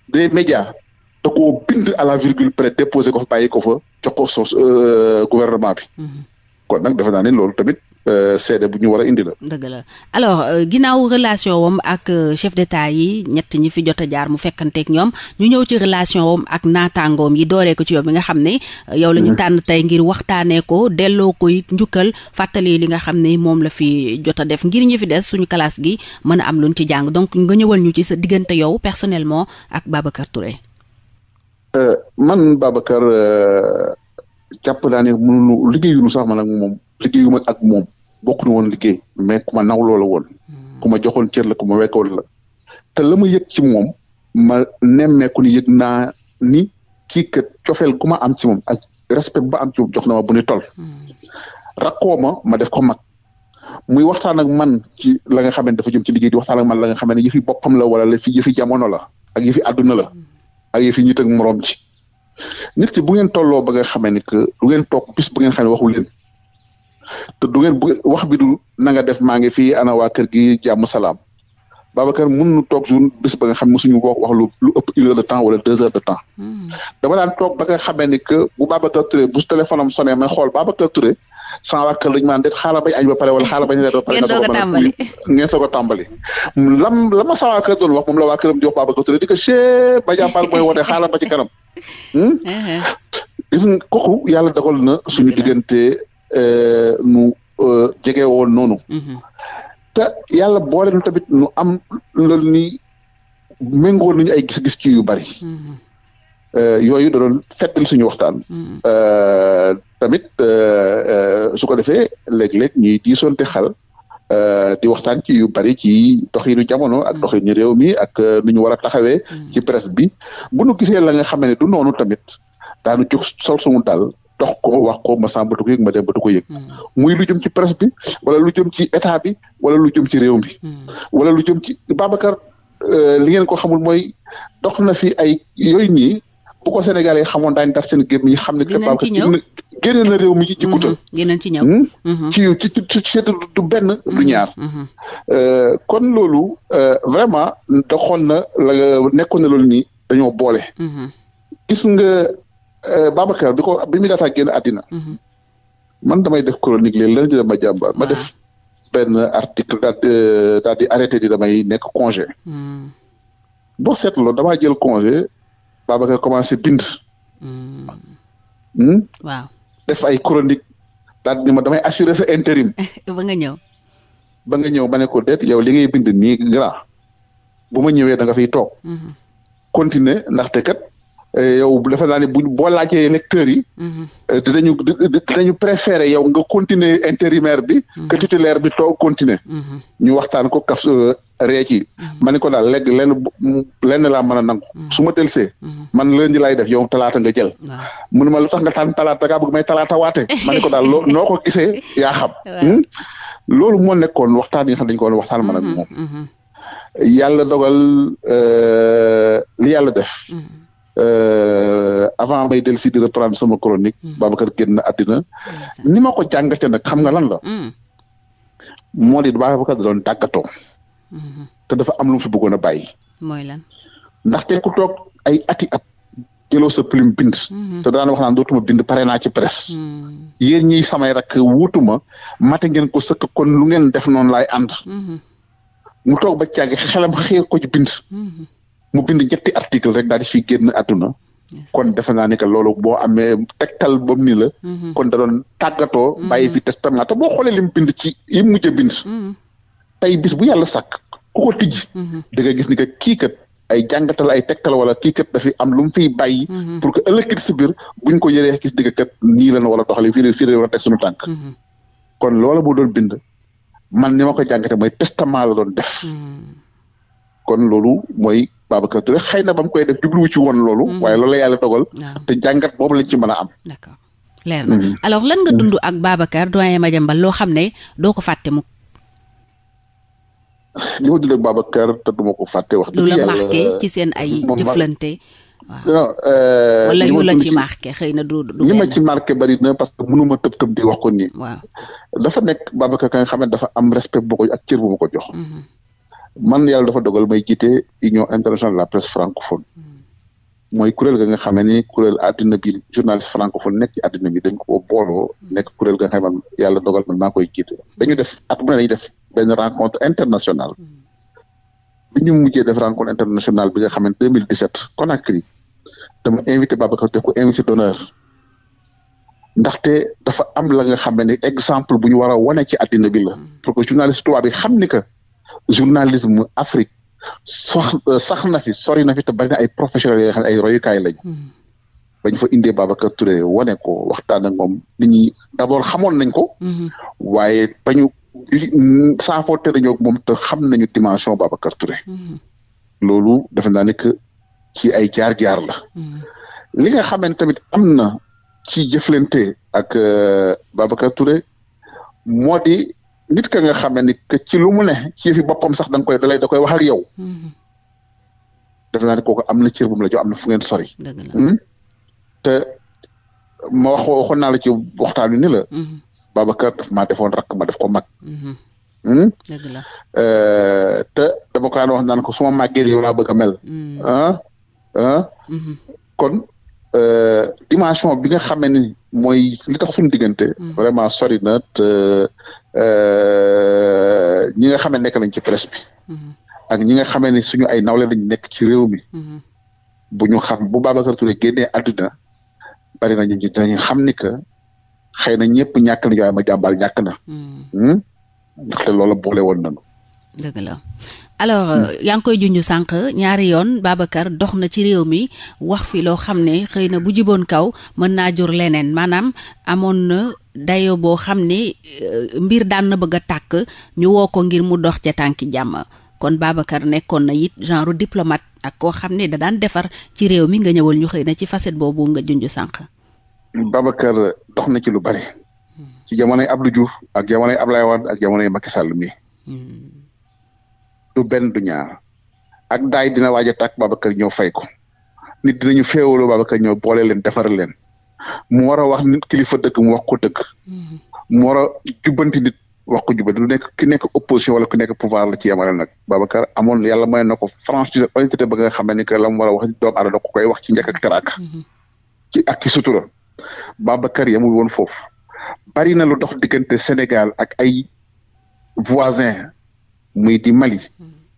des médias da koo bind à la virgule près déposé ko fa bàyyi ko fa jox ko sos euh, gouvernement bi. Mhm. kon nag defe naa ne loolu tamit Euh, seede bu ñu war a indi la. dëgg la euh, ginnaaw relation wam ak euh, chef d'état yi ñett ñi fi jot a jaar mu fekkanteek ñoom ñu ñëw ci relation wam ak naataangoom yi dooree ko ci yoom mi nga xam ne. yow la ñu mm-hmm. tànn tey ngir waxtaanee ko delloo ko njukkal fàttali li nga xam ne moom la fi jot a def ngir ñi fi des suñu classe gi mën a am luñ ci jàng donc nga ñëwal ñu ci sa diggante yow personnellement ak Babacar Touré. man Babacar jàpp naa ne mënuñu liggéeyuñu sax man ak moom liggéeyuma ak moom. bokkuñu woon liggéey mais ku ma nawloo la woon hmm. ku ma joxoon cër la ku ma wekkoon la te la ma yëg ci moom ma nemmeeku ni yëg naa ni kii kat cofeel ku ma am ci moom ak respect ba am ci moom jox na ma bu ni toll hmm. ma ma def ko mag muy waxtaan ak man ci la nga xamante dafa jëm ci liggéey di waxtaan man la nga xamante ne yëfi boppam la wala la fi yëfi jamono la ak yëfi àdduna la ak yëfi nit ak moroom ji nit ki bu ngeen tolloo ba nga xamee ni lu ngeen toog bis bu ngeen xamee waxu leen te du ngeen wax bi du na nga def maa ngi fii ana waa kër gi jàmm salaam Babacar mun nu toog jour bis ba nga xam ne suñu wax wax lu lu ëpp une heure de temps wala deux heures de temps. Hmm. dama daan toog ba nga xamee ni que bu Babacar ma xool Babacar bañ añ ba pare wala xaaral bañ reer ba pare. ngeen soog a tàmbali lam la ma saa waa kër doon wax moom la waa këram di wax Babacar Touré di ko chee ba mooy woote xaaral ba ci kanam. Hmm? Uh-huh. gis nga kooku yàlla na suñu diggante. Eh, nu eh, jege woon noonu. Mm-hmm. te yàlla boole nu tamit nu am lool ni méngoo nañu ay gis-gis ci yu bari. Mm-hmm. Eh, yooyu da doon fettal suñu waxtaan. Mm-hmm. tamit su ko defee léeg-léeg ñuy diisoonte xal di waxtaan ci yu bari ci doxinu jamono ak doxinu réew mi ak nu ñu war a taxawee. ci presse bi bu nu gisee la nga xam ne du noonu tamit daanu jóg sol sumu dal dox ko wax ko ma sàmbatu ko yëg ma dem batu ko yëg hmm. muy lu jëm ci presse bi wala lu jëm ci état bi wala lu jëm ci réew mi hmm. wala lu jëm ci Babacar euh, li ngeen ko xamul mooy dox na fi ay yooyu nii bu ko Sénégal yi xamoon daañu tas seen gémm yi xam ne que Babacar génne na réew mi ci guutal hmm, dinañ ci ñëw ci ci ci du benn du ñaar euh, kon loolu euh, vraiment doxoon na la nekkoon na lool ni dañoo boole Euh, Babacar bi ko bi muy daataa mhm. man damay def chronique léegi lan ci dama jàmba ma ah. def benn article daal euh, daal di arrêté di damay nekk congé. Mhm. boo seetloo damaa jël congé Babacar commencé bind. Mhm. Hmm? waaw def ay chronique daal di ma damay assurer sa intérim. ba nga ñëw. ba nekko ñëw ma ne ko bind nii grand bu ma ñëwee danga fi fiy toog. continuer ndaxte kat. Eh, yow dafa naa ne buñ boo laajee électeurs yi. Mhm. Eh, dinañu dinañu préféré yow nga continuer intérimaire bi. Mhm. que titulaire bi toog continuer. Mhm. ñu waxtaan ko kaf euh, ree ci. ma ne ko daal léegi lenn lenn laa mën a nangu. su ma dellusee. man lundi lay def yow talaata nga jël. mun ma lu tax nga tànn talaata gaa bëgg may talaata waate. ma ko daal loo noo ko gisee yaa hmm? loolu moo nekkoon waxtaan yi nga xam dañu ko woon waxtaan man moom. yàlla dogal euh, li def. Euh, avant may del si di reprendre o chronique. Mm. Babacar génn àddina. ni ma ko jàngate nag xam nga lan la. Mm. moo di Babacar da doon tàggatoo. Mm-hmm. te dafa am lu mu fi bëggoon a bàyyi. mooy lan. ndaxte ku toog ay ati at. jëloo sa plume bind. Mm-hmm. te daan wax naan dootuma bind pare naa ci presse. Mm. yéen ñi samay rakk wuutuma mate gen ko sëkk kon lu ngeen def noonu lay ànd. Mm-hmm. mu toog ba caagi xelam xëy ko bind. mu bind ñetti article rek daal di fiy génn àdduna kon defe naa ne que loolu boo amee tegtal ba mu ni la mm-hmm. kon da doon tàggatoo mm-hmm. bàyyi fi testament te boo xoolee lim bind ci yi mujj a bind mm-hmm. tey bis bu yàlla sàkk ku ko tijj da nga gis ni que kii kat ay jàngatal ay tegtal wala kii kat dafi am lu mu fiy bàyyi pour que ëllëg si biir buñ ko yëree gis digga kat nii wala doxale fii fii la war a teg kon loola bu doon bind man ni ma ko jàngate mooy testament la doon def kon loolu mooy Babacar Touré xëy na ba mu koy def jubluwu ci woon loolu. Mm-hmm. waaye lool la yàlla dogal. te jàngat boobu lañ ci mën am. d'accord leer na mm-hmm. alors lan nga mm-hmm. dund ak Babacar doyen Madiambal loo xam ne doo ko fàtte mu. li ma dund ak Babacar ko fàtte wax. lu la marqué ci seen ay jëflante. waaw euh, wala yu la ci marqué xëy na du du. li ma ci na parce que mënuma tëb tëb di wax ko nii. waaw dafa nekk Babacar ka nga xam dafa am respect bu ko ak cër ko jox. man yàlla dafa dogal may jiite union internationale de la presse francophone hmm. mooy kuréel ga nga xamee ni kuréel àddina bi journaliste francophone nekk ci àddina bi dañ ko booloo hmm. nekk kuréel ga nga xamee man yàlla dogal man maa koy jiite dañu def at mu ne dañu def benn rencontre international hmm. bi ñu mujjee def rencontre internationale bi nga xam ne 2017 Conakry dama invité Babacar def ko invité d'honneur ndaxte dafa am la nga xam ne exemple bu ñu war a wane ci àddina bi bi xam ni que journalisme Afrique sox euh, sax na fi sori na fi te bari na ay professionnels yoo xam ne ay royukaay lañ. Hmm. bañ fa indee Babacar Touré wane ko waxtaan ak moom nit ñi nañ ko. Hmm. waaye bañu mm, saafoonte nañoo moom te xam nañu dimension Babacar Touré. Hmm. loolu defe naa ne que ci ay jaar-jaar la. li nga xamante tamit am na ci jëflante ak euh, Babacar Touré moo di. nit ka nga xamee ni que ci lu mu ne ci fi boppam sax da nga koy dalay da koy wax ak mm-hmm. def na cër bu mu la jox hmm? ma wax waxoon naa la mm-hmm. ma def ko mag. Mm-hmm. Hmm? dëgg la euh, te dama wax naan ko su ma màggee yow laa a mel. Mm. ah ah kon euh, dimension bi nga xamee mooy li tax suñu diggante. Hmm. vraiment sori na te euh, ñi nga xam nekk nañ ci presse bi. Hmm. ak ñi nga xamee ne suñu ay nawle lañ nekk ci réew mi. Hmm. bu ñu xam bu Babacar Touré génnee àdduna bari na ñu dinañu xam ni que xëy na ñëpp ñàkk nañu waaye ma jàmbaal ñàkk na. ndaxte loola boole woon nañu. dëgg alors euh, hmm. yaa ngi koy junj sànq ñaari yoon Babacar dox na ci réew mi wax fi loo xam ne xëy na bu jiboon kaw mën naa jur leneen maanaam amoon na dayo boo xam ne euh, mbir daan na bëgg a tàkk ñu woo ko ngir mu dox ca tànki jàmm kon Babacar nekkoon na it genre diplomate ak koo xam ne da daan defar ci réew mi nga ñëwal ñu xëy na ci facette boobu nga junj sànq. Babacar dox na ci lu bare hmm. ci jamonoy Abdou Diouf ak jamonoy Ablaye Wade ak jamonoy Macky mi. Hmm. du benn du ñaar ak daay dina waaj a tàkk Babacar ñëw fay ko nit dinañu féewaloo Babacar ñëw boole leen defar leen mu war a wax nit a dëgg mu wax ko dëgg mm-hmm. mu war a jubbanti nit wax ko jubbanti du nekk ki nekk opposition wala ku nekk pouvoir la ci yemale nag Babacar amoon yàlla may na ko franchise honnêteté ba nga xam ne que la mu war a wax doomu aadama ko koy wax ci njëkk ak teraanga mm-hmm. ci ak ci sutura Babacar yamul woon foofu bari na lu dox diggante Sénégal ak ay voisins muy di Mali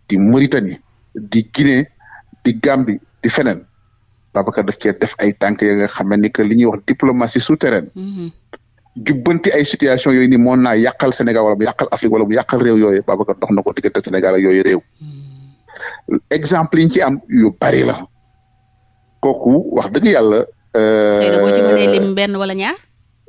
di Mauritanie di Guinée di Gambie di feneen Babacar daf cee def ay tànk ya nga xam ni que li ñuy wax diplomatie souterraine mhm. jubbanti ay situation yooyu ni moo naa yàqal Sénégal wala mu yàqal Afrique wala mu yàqal réew yooyu Babacar dox na ko diggante Sénégal ak yooyu réew mhm. exemple yi ci am yu bari la kooku wax dëgg yàlla. xëy euh, benn wala ñaar.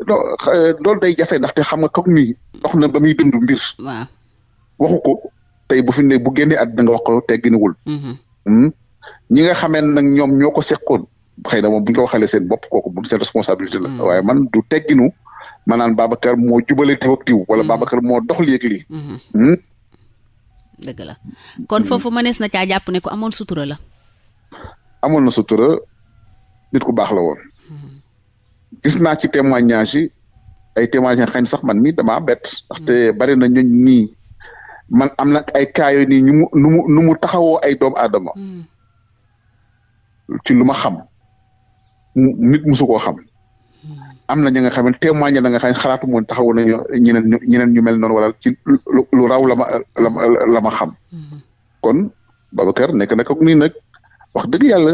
non euh, loolu day jafe ndaxte xam nga kooku mi dox na ba muy dund mbir. waaw tey bu fi ne bu génnee àddina nga wax ko tegginuwul mhm. hmm? ñi nga xamee nag ñoom ñoo ko seqoon xëy na moom bu ñu ko waxalee seen bopp kooku moom seen responsabilité la mhm. waaye man du tegginu maanaam Babacar moo jubale diw ak diw wala mhm. moo dox lii ak lii hmm? dëgg la kon hmm. foofu mënees na caa jàpp ne ku amoon sutura la amoon na sutura nit ku baax la woon gis naa ci témoignage yi ay témoignage xëy sax man mi damaa bett ndaxte bari na ni man am na ay cas yooyu nii ñu mu nu mu nu mu taxawoo ay doomu aadama hmm. ci lu ma xam nit musu koo xam hmm. am na ñi nga xam ne témoignage la nga xam ne xalaatu moon taxawu nañu ñeneen ñu ñeneen ñu mel noonu wala ci lu raw la ma la ma xam hmm. kon Babacar nekk na ko nii nag wax dëgg yàlla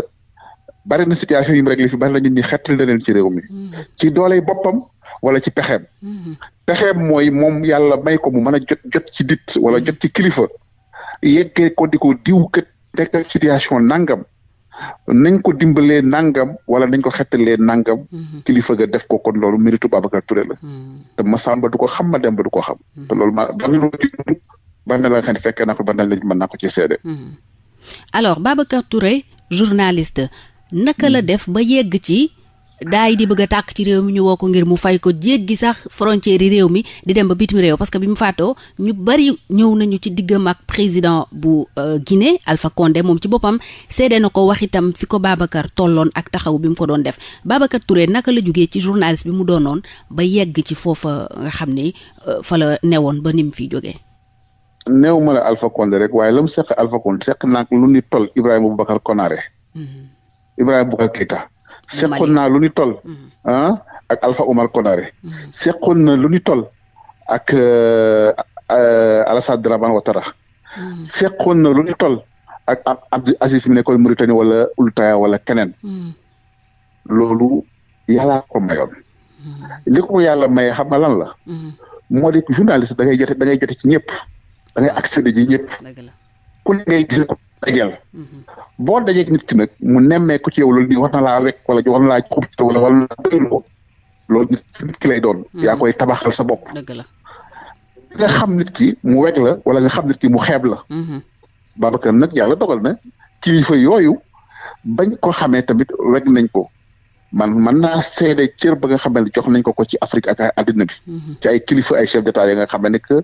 bari na situation yi mu réglé fi bari na ñun ñi xettal na leen ci réew mi ci doole boppam wala ci pexeem pexeem mooy moom yàlla may ko mu mën a jot jot ci dit wala jot ci kilifa yeggee ko di ko diw kët nekk situation nangam nañ ko dimbalee nangam wala nañ ko xettalee nangam. Mhm. kilifa ga def ko kon loolu méritu Babacar Touré la. Mhm. te Masamba du ko xam ma dem ba du ko xam. Mhm. te loolu ma ban la nga xam ne fekkee naa ko ban la mën naa ko ci seede. alors Babacar Touré journaliste. naka la def ba yegg ci daay di bëgg a tàkk ci réew mi ñu woo ko ngir mu fay ko jéggi sax frontière yi réew mi di dem ba bitim réew parce que bi mu faatoo ñu bari ñëw nañu ci diggam ak président bu euh, Guinée Alpha Condé moom ci boppam seede na ko wax itam fi ko Babacar tolloon ak taxaw bi mu ko doon def Babacar Touré naka la jógee ci journaliste bi mu doon noon ba yegg ci foofa nga xam ni euh, fala newoon ba ni mu fiy jógee. néew ma la Alpha Condé rek waaye la mu seq Alpha Condé seq naa Ibrahima Boubacar Konaré. Mhm. seqoon naa lu ni toll mm-hmm. ah ak Alpha na lu ni toll ak Alassane Dramane Ouattara seqoon na lu ni toll ak euh, euh, mm-hmm. Abdou Aziz mi nekkoon Mauritanie wala Oultaya wala keneen mm-hmm. loolu yàllaa ko mayoon li ko maye xam nga lan la moo di journaliste da jote da ngay jote ci ñëpp da ji ñëpp dajeel boo dajeeg nit ki nag mu nemmeeku ci yow loolu di war na laa wekk wala war na laa xub ci wala wala doyloo loolu nit nit ki lay doon mm-hmm. yakoy tabaxal sa bopp dëgg la nga xam nit ki mu weg la wala nga xam nit ki mu xeeb la mm-hmm. Babacar nag yàlla dogal ne kilifa yooyu bañ ko xamee tamit weg nañ ko man man naa seede cër ba nga xam ne jox nañ ko ko ci Afrique ak àddina bi. Mhm. ci ay kilifa ay chef d'état ya nga xam ne que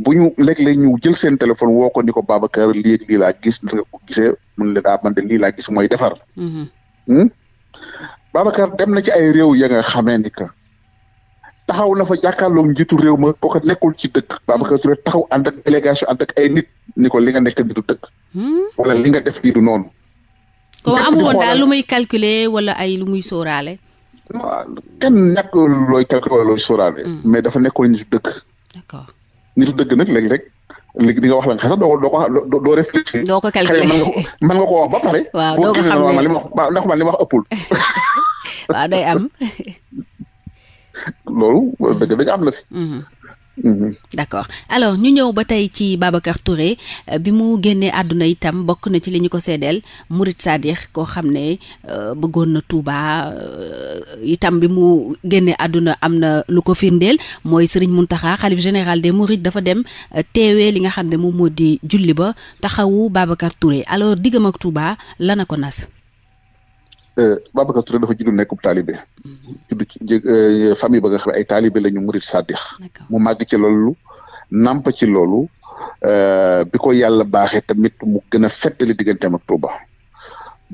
bu ñu léeg ñu jël seen téléphone woo ko ni ko Babacar lii ak laa gis nga ko gisee mun laa gis mooy defar. Mhm. Hmm? Babacar dem na ci ay réew ya nga xamee taxaw na fa jàkkaarloog njiitu réew ma kooka nekkul ci dëkk. Babacar Touré taxaw ànd ak délégation ànd ak ay nit ni ko li nga nekk hmm? wala li nga def nii du noonu. comme amul daal lu muy calculer wala ay lu muy sooraale kenn ñàkk looy calculer looy sóoraale. Mm. mais dafa nekkoon nitu dëgg. d'accord nitu dëgg nag léeg-léeg léegi di nga wax la nga xam sax doo ko doo ko calculer mën nga ko wax ba pare. waaw doo xam ne li ma wax ma wax waaw day am. loolu mm. dëgg-dëgg am na Mm-hmm. d'accord alors ñu ñëw ba tey ci Babacar Touré euh, bi mu génnee àdduna itam bokk na ci li ñu ko seddeel Murit Sadikh koo xam ne euh, bëggoon na Touba euh, itam bi mu génnee àdduna am na lu ko firndeel mooy Serigne Mountakha xalif général de Mourides dafa dem teewee li nga xam ne moom moo di julli ba taxawu Babacar Touré alors diggam ak Touba lana ko nas. Euh, Babacar Touré dafa juddu nekkub taalibe mhm. juddu ci euh, famille ba nga xam ne ay taalibe la ñu murit sàddix mu màgg ci loolu nàmp ci loolu euh, bi ko yàlla baaxee tamit mu gën a fettali digganteem ak Touba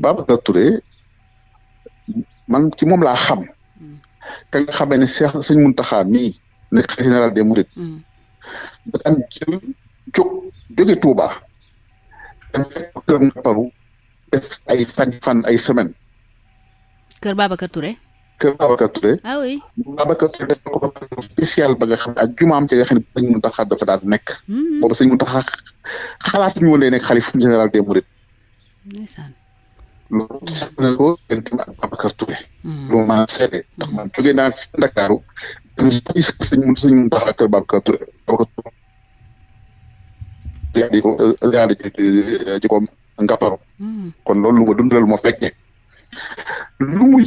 Babacar Touré man ci moom laa xam ka mm. nga xamee ne Seex Sëñ Muntaxa mii nekk xalifa général des Mourides mm. da daan ay fan ay semaine kër Babacar Touré. kër Babacar Touré. ah oui spécial ba nga xam ne ak jumaam ci nga xam ne sëñ Mountakha dafa daal nekk. boobu sëñ Mountakha xalaat ñu woon nekk xalif général des Mourides. ndeysaan. loolu sax na ko yéen kër Babacar Touré di ko di ko ngapparu kon loolu lu ma dundal moo fekkee lu muy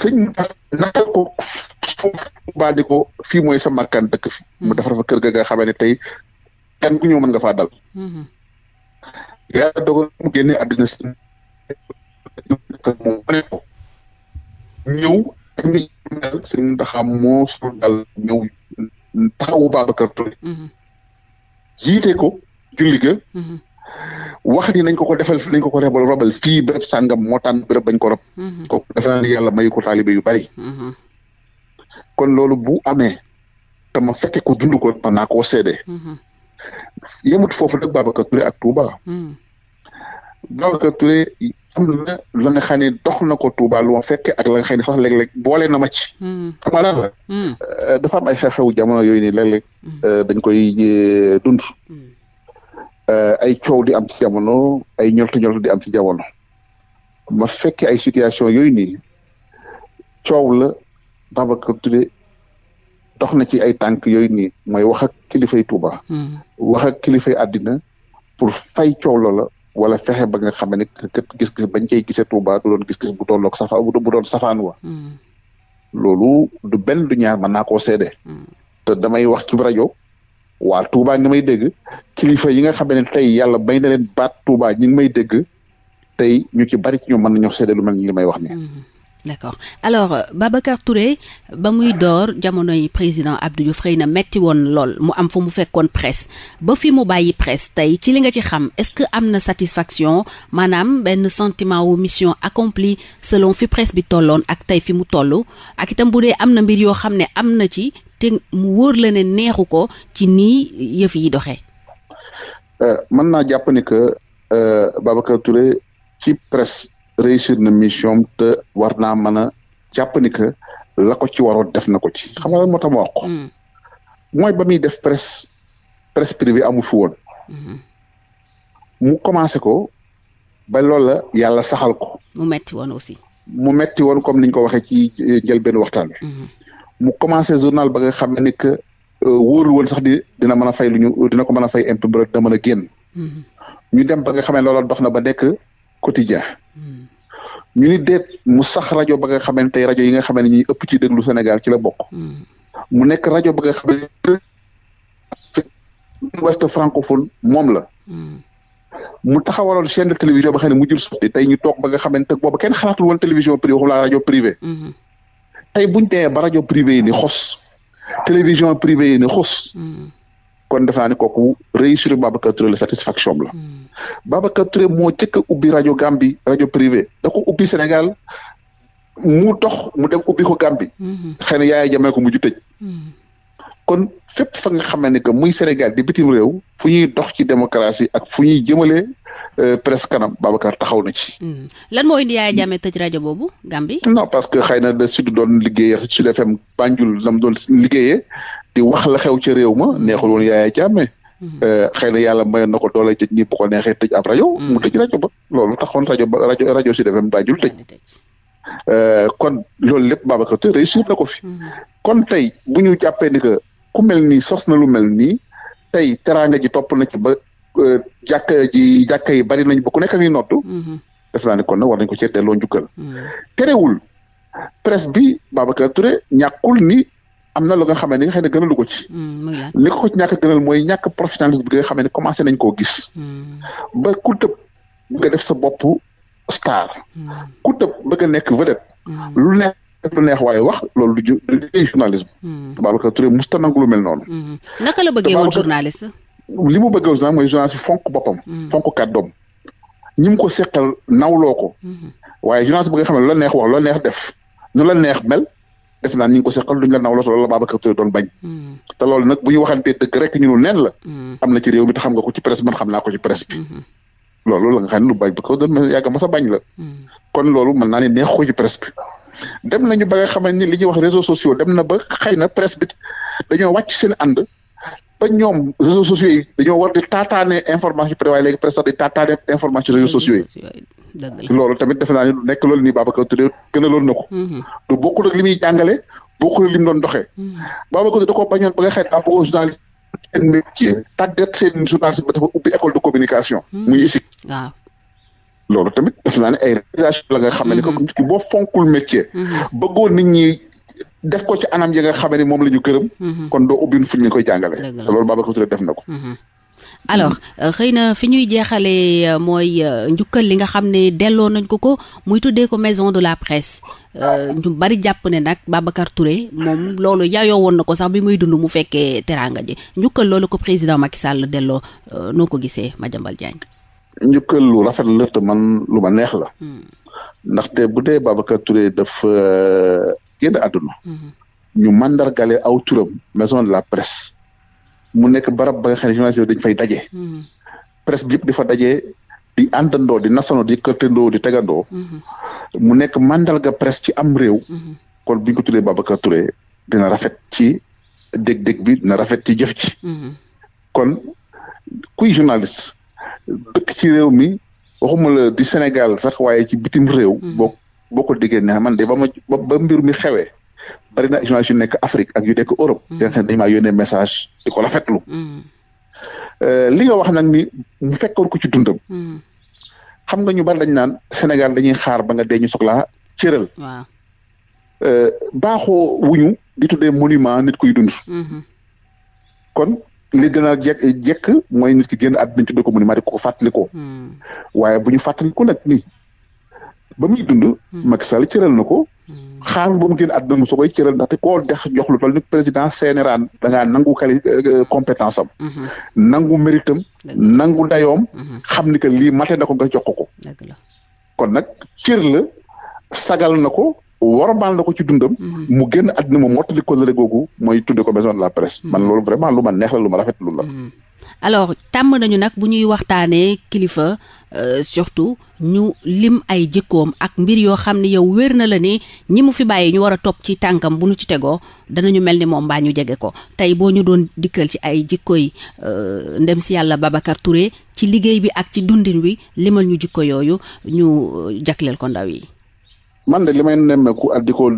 sëñ natal ko baa di ko fii mooy sa makan dëkk fi a hmm. defar fa kër ga nga tey kan ku ñëw mën nga faa dal hmm. yàlla dogal mu génne àddina si moom wane ko ñëw ak ñi mel sëñ Ndaxa moo sol hmm. ko julli ga wax ni nañ ko ko defal nañ ko ko robal fii béréb sàngam moo tànn béréb bañ ko rob mhm. kooku defe naa ni yàlla mayu ko taalibe yu bari mhm. kon loolu bu amee te a fekke ko dund ko man naa koo seede mhm. yemut foofu nag Babacar Touré ak Touba a Touré am na la nga xam ne dox na ko Touba lu ma a ak la sax léeg-léeg boole na ma ci xam euh, xew-xewu jamono yooyu nii léeg euh, koy euh, dund Eh, ay coow di am ci jamono ay ñoltu ñoltu di am ci jamono ma fekk ay situation yooyu nii coow la Babacar Touré dox na ci ay tànk yooyu ni mooy wax ak kilifay Touba. Hmm. wax ak àddina pour fay coow loola wala fexe ba nga xam ne kat gis-gis bañ cay gisee Touba du doon gis-gis bu tolloog wa hmm. loolu du benn du ñaar mën naa seede. Hmm. te damay wax ci rajo waa nga may dégg kilifa yi nga xam ne tey yàlla bay na leen baat Touba ñi ngi may dégg tey ñu ci bari ci ñoom mën nañoo seede lu mel ni li may wax nii. Mm-hmm. d'accord alors Babacar Touré ba muy door jamonoy président Abdou Diouf xëy na metti woon lool mu am fu mu fekkoon presse ba fi mu bàyyi presse tey ci li nga ci xam est-ce que am na satisfaction maanaam benn sentiment wu mission accomplie selon fi presse bi tolloon ak tey fi mu toll ak itam bu dee am na mbir yoo xam ne am na ci te mu wóor la neexu ko ci nii yëf yi doxee. Euh, mën naa jàpp ni que euh, Babacar Touré ci presse réussir na mission te war naa mën a jàpp ni que la ko ci waroon def na ko ci xam nga moo tax ma wax mm. mooy ba muy def presse presse privée amu fi woon. Mm-hmm. mu commencé ko ba loolu la yàlla saxal ko. mu metti woon aussi. mu metti woon comme ni ñu ko waxee ci njëlbeen waxtaan bi. Mm-hmm. mu commencé journal ba nga xam Euh, wóorul woon sax di dina mën a fay lu ñu dina ko mën a fay impôt bi rek dina mën a génn. Mm-hmm. ñu dem ba nga xamee loola dox na ba nekk quotidien mm-hmm. ñu ni déet mu sax rajo ba nga xamante tey rajo yi nga xam ne ñuy ëpp ci déglu Sénégal ci la bokk. Mm-hmm. mu nekk rajo ba nga xam ne ouest francophone moom la. mu taxawaloon chaîne de télévision ba xam ne mu jur sotti tey ñu toog ba nga xamante booba kenn xalaatul woon télévision privée waxu la rajo privé. tey buñ demee ba rajo privé ni xos. télévision privée yi ne xus. Hmm. kon defe naa ne kooku réussir Babacar Touré la satisfaction la. Hmm. Babacar Touré moo njëkk a ubbi rajo Gambie rajo privé da ko ubbi Sénégal mu dox mu dem ubbi ko Gambie. Hmm. xëy na yaay jamee ko mujj kon fépp fa nga xam ne que muy Sénégal di bitim réew fu ñuy dox ci démocratie ak fu ñuy jëmale euh, presse kanam ka taxaw na ci. Hmm. lan mooy indi Yaya Jammeh tëj rajo boobu Gambie. non parce que xëy na da Sud doon liggéeyee Sud FM Banjul la mu liggéeyee di wax la xew ci réew ma hmm. neexu woon Yaya Jammeh. Hmm. Euh, xëy na yàlla mayoon na ko doole tëj ni bu ko neexee tëj ab rajo. mu tëj rajo ba loolu taxoon rajo ba rajo rajo Sud FM Banjul tëj. Euh, kon na ko fi. kon tey bu ñu jàppee ni ku mel nii sos na lu mel nii tey teraanga ji topp na ci ba euh, jàkka ji jàkka yi bari nañ ba ku nekk ngi noddu mm-hmm. def naa ne kon nag war nañ ko cee delloo njukkal mm-hmm. terewul presse bi Babacar Touré ñàkkul ni am na lu nga xamee na nga xam ne gënalu ko ci mm-hmm. li ko ko ci ñàkk gënal mooy ñàkk professionnalisme bi nga xamee ne commencé nañ koo gis ba def sa bopp star ku tëb bëgg nekk vedette lu nekk lu neex waaye wax loolu du du liggéey journalisme. Hmm. musta nangu lu mel noonu. Hmm. naka la bëggee woon journaliste. li mu bëggee woon journaliste mooy journaliste fonk boppam. Hmm. fonk kàddoom. ñi mu ko seqal nawloo ko. waaye journaliste bi nga xam ne la neex wax lu la neex def nu la neex mel def naa ni ñu ko seqal duñ la nawloo loolu la Babacar Touré doon bañ. te loolu nag bu ñu waxantee dëgg rek ñu ne neen la. am na ci réew mi te xam nga ko ci man xam na ko ci lo bi. la nga xam ne lu bañ ba ko doon yàgg mos naa ne neexoo ci presse dem nañu ba nga xamante ni li ñuy wax réseaux sociaux dem na ba xëy na presse bi dañoo wàcc seen ànd ba ñoom réseaux sociaux yi dañoo war di taataane information pré waaye léegi presse sax di taataane information réseaux sociaux yi loolu tamit defe naa ni lu nekk loolu nii Babacar Touré gën a loolu na ko mhm. du bokkul ak li muy jàngale bokkul ak li mu doon doxee mhm. Babacar Touré ko bañoon ba nga xëy daa journaliste seen métier tàggat seen école de communication mhm. muy ISIC waaw loolu tamit def naa ne ay nga xam ne ko mhm. nit boo fonkul métier mhm. bëggoo nit ñi def ko ci anam yi nga xam ne moom la ñu gërëm mhm. kon doo ubbi fu ñu koy jàngale loolu Babacar Touré def na ko alors euh, xëy na fi ñuy jeexale euh, mooy euh, njukkal li nga xam ne delloo nañ ko ko muy tuddee ko maison de la presse ñu bari jàpp ne nag Babacar Touré moom loolu yaayoo woon na ko sax bi muy dund mu fekkee teraanga ji njukkal loolu ko président Macky Sall delloo noo ko gisee ma Madiambal Diagne njukkal lu rafet la te man lu ma neex la. Hmm. ndaxte bu dee Babacar Touré dafa a euh, àdduna. Hmm. ñu mandargale aw turam maison de la presse. mu nekk barab ba nga xam ne journaliste dañ fay daje. Hmm. presse bi yëpp di fa daje di àndandoo di nasandoo di kërtandoo di tegandoo. mu nekk mandarga presse ci am réew. kon bu ñu ko tuddee Babacar Touré dina rafet ci dég-dég bi dina rafet ci jëf ci. kon kuy journaliste. dëkk ci réew mi waxuma la di Sénégal sax waaye ci bitim réew. bo hmm. boo ko diggee ne man de ba ma ba mbir mi xewee. bari na journalistes yu nekk Afrique ak yu nekk Europe. di nga xam ne dañu maa message di ko rafetlu. Hmm. Euh, li nga wax nag ni mu fekkoon ko ci dun hmm. xam nga ñu bari dañ naan Sénégal dañuy xaar ba nga dee ñu soxlaa cëral. waaw euh, baaxoo wuñu di tuddee monument nit kuy dund. kon li gën a jekk jekk mooy nit ki génn àdduna ci dëkk mu ni ma di ko fàttalikoo. Hmm. waaye bu ñu fàttalikoo nag nii ba muy dund. Hmm. mak Sall cëral na ko. Hmm. xaarul ba mu génn àdduna mu soogay cëral ndaxte koo dex jox lu toll ni président CNRA da ngaa nangu kali euh, euh, compétence nangu mérite am. nangu dayoom. xam ni que lii mate na ko nga jox ko ko. kon nag cër la sagal na ko. warmaal na ko ci dundam. Mhm. mu génn àddina mu mottali kóllëre googu mooy tudde ko maison de la presse. Mhm. man loolu lu ma neex la lu ma rafet lu la. Mhm. alors tàmm nañu nag bu ñuy waxtaanee kilifa euh, surtout ñu lim ay jikkoom ak mbir yoo xam ne yow wér na la ni ñi mu fi bàyyi ñu war a topp ci tànkam bu ñu ci tegoo dana ñu mel ni moom baa ñu jege ko tey boo ñu doon dikkal ci ay jikkoy euh, ndem si yàlla Babacar ture ci liggéey bi ak ci dundin wi limal ñu jikko yooyu ñu euh, jagleel ko ndaw yi. man de li may nemmeeku ak di ko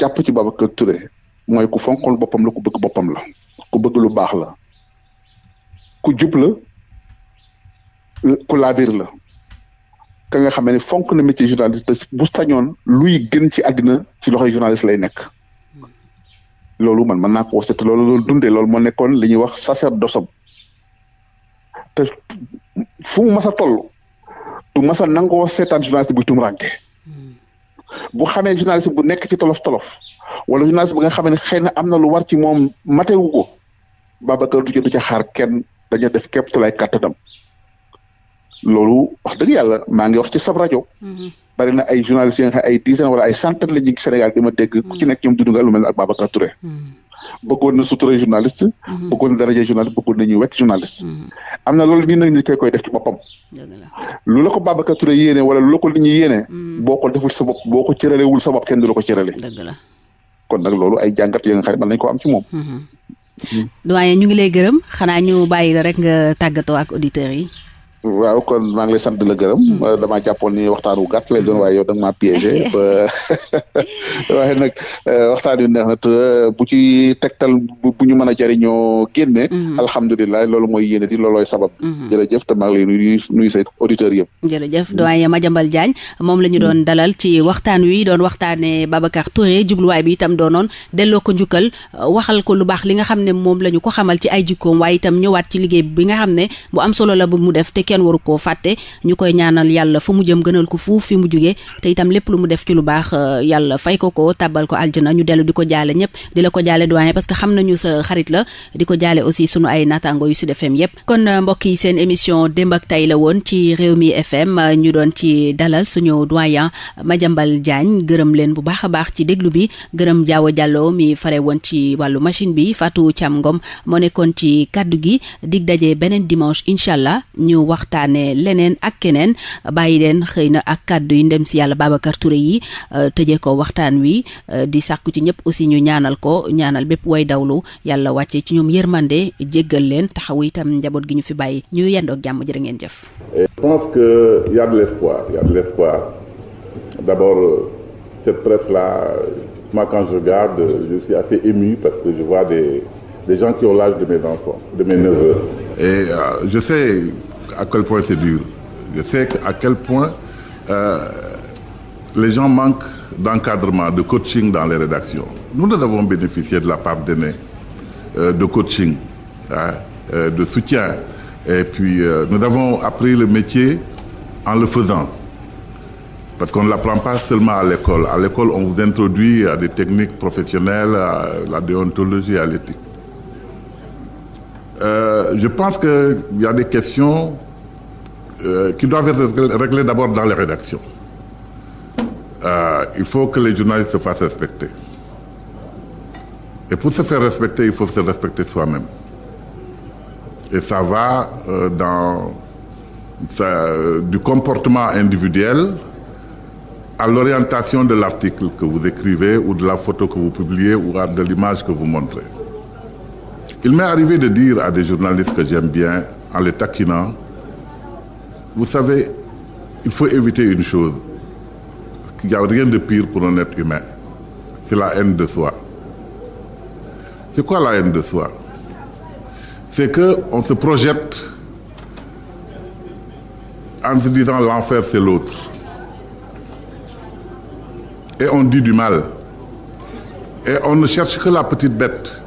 jàpp ci Babacar Touré mooy ku fonkol boppam la ku bëgg boppam la ku bëgg lu baax la ku jub la ku laabir la ka nga xam ne fonk na métier journaliste bu luy gën ci àddina ci loxoy journaliste lay nekk loolu man mën naa ko wasate loolu loolu dundee loolu moo nekkoon li ñuy wax sacerdoce te fu mu mas a toll du mas a nangoo seetaan journaliste bi tum ranke bu xamee journaliste bu nekk ci tolof tolof wala journaliste bi nga xam ne xëy na am na lu war ci moom matewu ko Babacar du ca xaar kenn dañu def képp tolluwaay kàttanam loolu wax dëgg yàlla maa ngi wax ci sab rajo. Mm-hmm. bari na ay journalistes yi nga xam ay dizaine wala ay centaine la ñu ci Sénégal di ma dégg. ku ci hmm. nekk ñoom dund nga lu mel ne hmm. na sutura journaliste. Hmm. bëggoon na daraja journaliste bëggoon na ñuy wekk journaliste. na loolu koy def ci boppam. lu la ko Babacar Touré yéene wala lu la ko nit boo ko deful sa boo ko cëralewul sa bopp kenn du la ko kon nag loolu ay jàngat yi nga xam ne ko am ci moom. doyen ñu ngi lay gërëm xanaa ñu bàyyi la rek nga tàggatoo yi. waaw kon maa ngi lay sant la gërëm mm-hmm. euh, damaa jàppoon ni waxtaan wu gàtt lay doon mm-hmm. waaye yow da nga maa piégé waaye nag euh, waxtaan yu neex na te euh, bu ci tegtal bu ñu mën a jëriñoo génne mm-hmm. alhamdulilah loolu mooy yéene di loolooy sabab jërëjëf te maa ngi lay nuyu nuyu say auditeurs yëpp jërëjëf doyen Madiambal Diagne moom la doon dalal ci waxtaan wi doon waxtaane Babacar Touré jubluwaay bi itam doonoon delloo ko njukkal waxal ko lu baax li nga xam ne moom la ko xamal ci ay jikkoom waaye itam ñëwaat ci liggéey kenn waru koo fàtte ñu koy mu jëm gënal ko fuuf fi mu jugee te itam lu mu euh, ko ko tàbbal ko di ko jaale ñëpp di ko jaale doyen parce que xam nañu sa xarit la di ko jaale aussi sunu ay naataango yu Sud FM yëpp kon euh, mbokk yi seen émission démb la woon ci Rewmi FM euh, ñu doon ci dalal suñu doyen Madiambal Diagne gërëm leen bu baax a baax ci déglu bi gërëm Diawa Diallo mi fare woon ci wàllu machine bi Fatou Thiam Ngom moo nekkoon ci kaddu gi dig daje beneen dimanche incha ñu wax waxtaanee leneen ak keneen bàyyi leen xëy na ak kàddu yu ndem si yàlla Babacar ture yi euh, tëjee ko waxtaan wi euh, di sàkku ci ñëpp aussi ñu ñaanal ko ñaanal bépp way dawlu yàlla wàccee ci ñoom yërmande jéggal leen taxawu itam njaboot gi ñu fi bàyyi ñu yendoog jàmm jërë ngeen jëf. je pense que y a de l'espoir y a de euh, cette presse là moi quand je regarde je suis assez ému parce que je vois des gens qui ont l'âge de mes enfants de mes neveux à quel point c'est dur. Je sais à quel point euh, les gens manquent d'encadrement, de coaching dans les rédactions. Nous, nous avons bénéficié de la part d'aînés, euh, de coaching, hein, euh, de soutien. Et puis, euh, nous avons appris le métier en le faisant. Parce qu'on ne l'apprend pas seulement à l'école. À l'école, on vous introduit à des techniques professionnelles, à la déontologie, à l'éthique. Euh, je pense que il y a des questions euh, qui doivent être réglées d'abord dans les rédactions. Euh, il faut que les journalistes se fassent respecter. Et pour se faire respecter, il faut se respecter soi-même. Et ça va euh, dans ça, euh, du comportement individuel à l'orientation de l'article que vous écrivez ou de la photo que vous publiez ou de l'image que vous montrez. Il m'est arrivé de dire à des journalistes que j'aime bien, en les taquinant, vous savez, il faut éviter une chose. Il n'y a rien de pire pour un être humain. C'est la haine de soi. C'est quoi la haine de soi C'est qu'on se projette en se disant l'enfer c'est l'autre. Et on dit du mal. Et on ne cherche que la petite bête.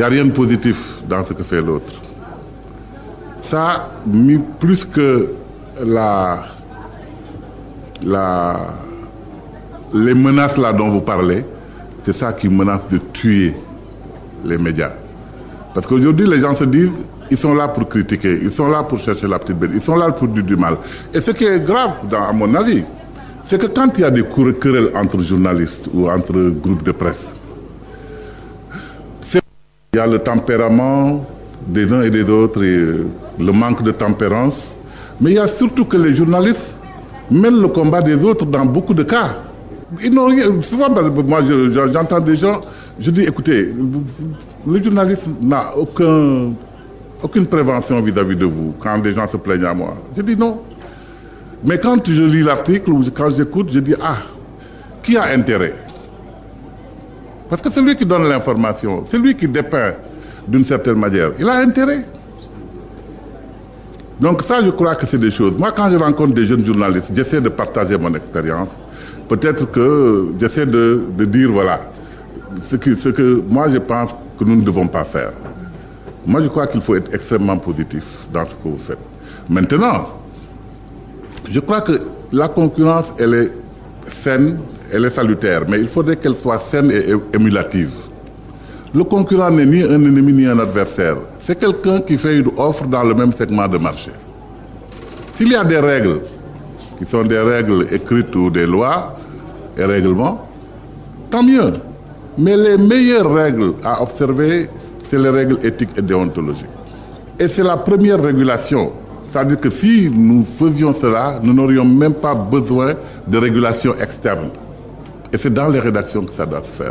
n'y a rien de positif dans ce que fait l'autre. Ça, plus que la, la, les menaces là dont vous parlez, c'est ça qui menace de tuer les médias. Parce qu'aujourd'hui, les gens se disent, ils sont là pour critiquer, ils sont là pour chercher la petite bête, ils sont là pour dire du mal. Et ce qui est grave, dans, à mon avis, c'est que quand il y a des querelles entre journalistes ou entre groupes de presse, Il y a le tempérament des uns et des autres et euh, le manque de tempérance. Mais il y a surtout que les journalistes mènent le combat des autres dans beaucoup de cas. Ils n'ont rien. Souvent, moi, j'entends des gens, je dis, écoutez, le journaliste n'a aucun, aucune prévention vis-à-vis -vis de vous quand des gens se plaignent à moi. Je dis non. Mais quand je lis l'article ou quand j'écoute, je dis, ah, qui a intérêt Parce que celui qui donne l'information, celui qui dépeint d'une certaine manière, il a intérêt. Donc ça, je crois que c'est des choses. Moi, quand je rencontre des jeunes journalistes, j'essaie de partager mon expérience. Peut-être que j'essaie de, de, dire, voilà, ce que, ce que moi, je pense que nous ne devons pas faire. Moi, je crois qu'il faut être extrêmement positif dans ce que vous faites. Maintenant, je crois que la concurrence, elle est saine, elle est salutaire, mais il faudrait qu'elle soit saine et émulative. Le concurrent n'est ni un ennemi ni un adversaire. C'est quelqu'un qui fait une offre dans le même segment de marché. S'il y a des règles, qui sont des règles écrites ou des lois et règlements, tant mieux. Mais les meilleures règles à observer, c'est les règles éthiques et déontologiques. Et c'est la première régulation. C'est-à-dire que si nous faisions cela, nous n'aurions même pas besoin de régulation externe. Et c'est dans les rédactions que ça doit se faire.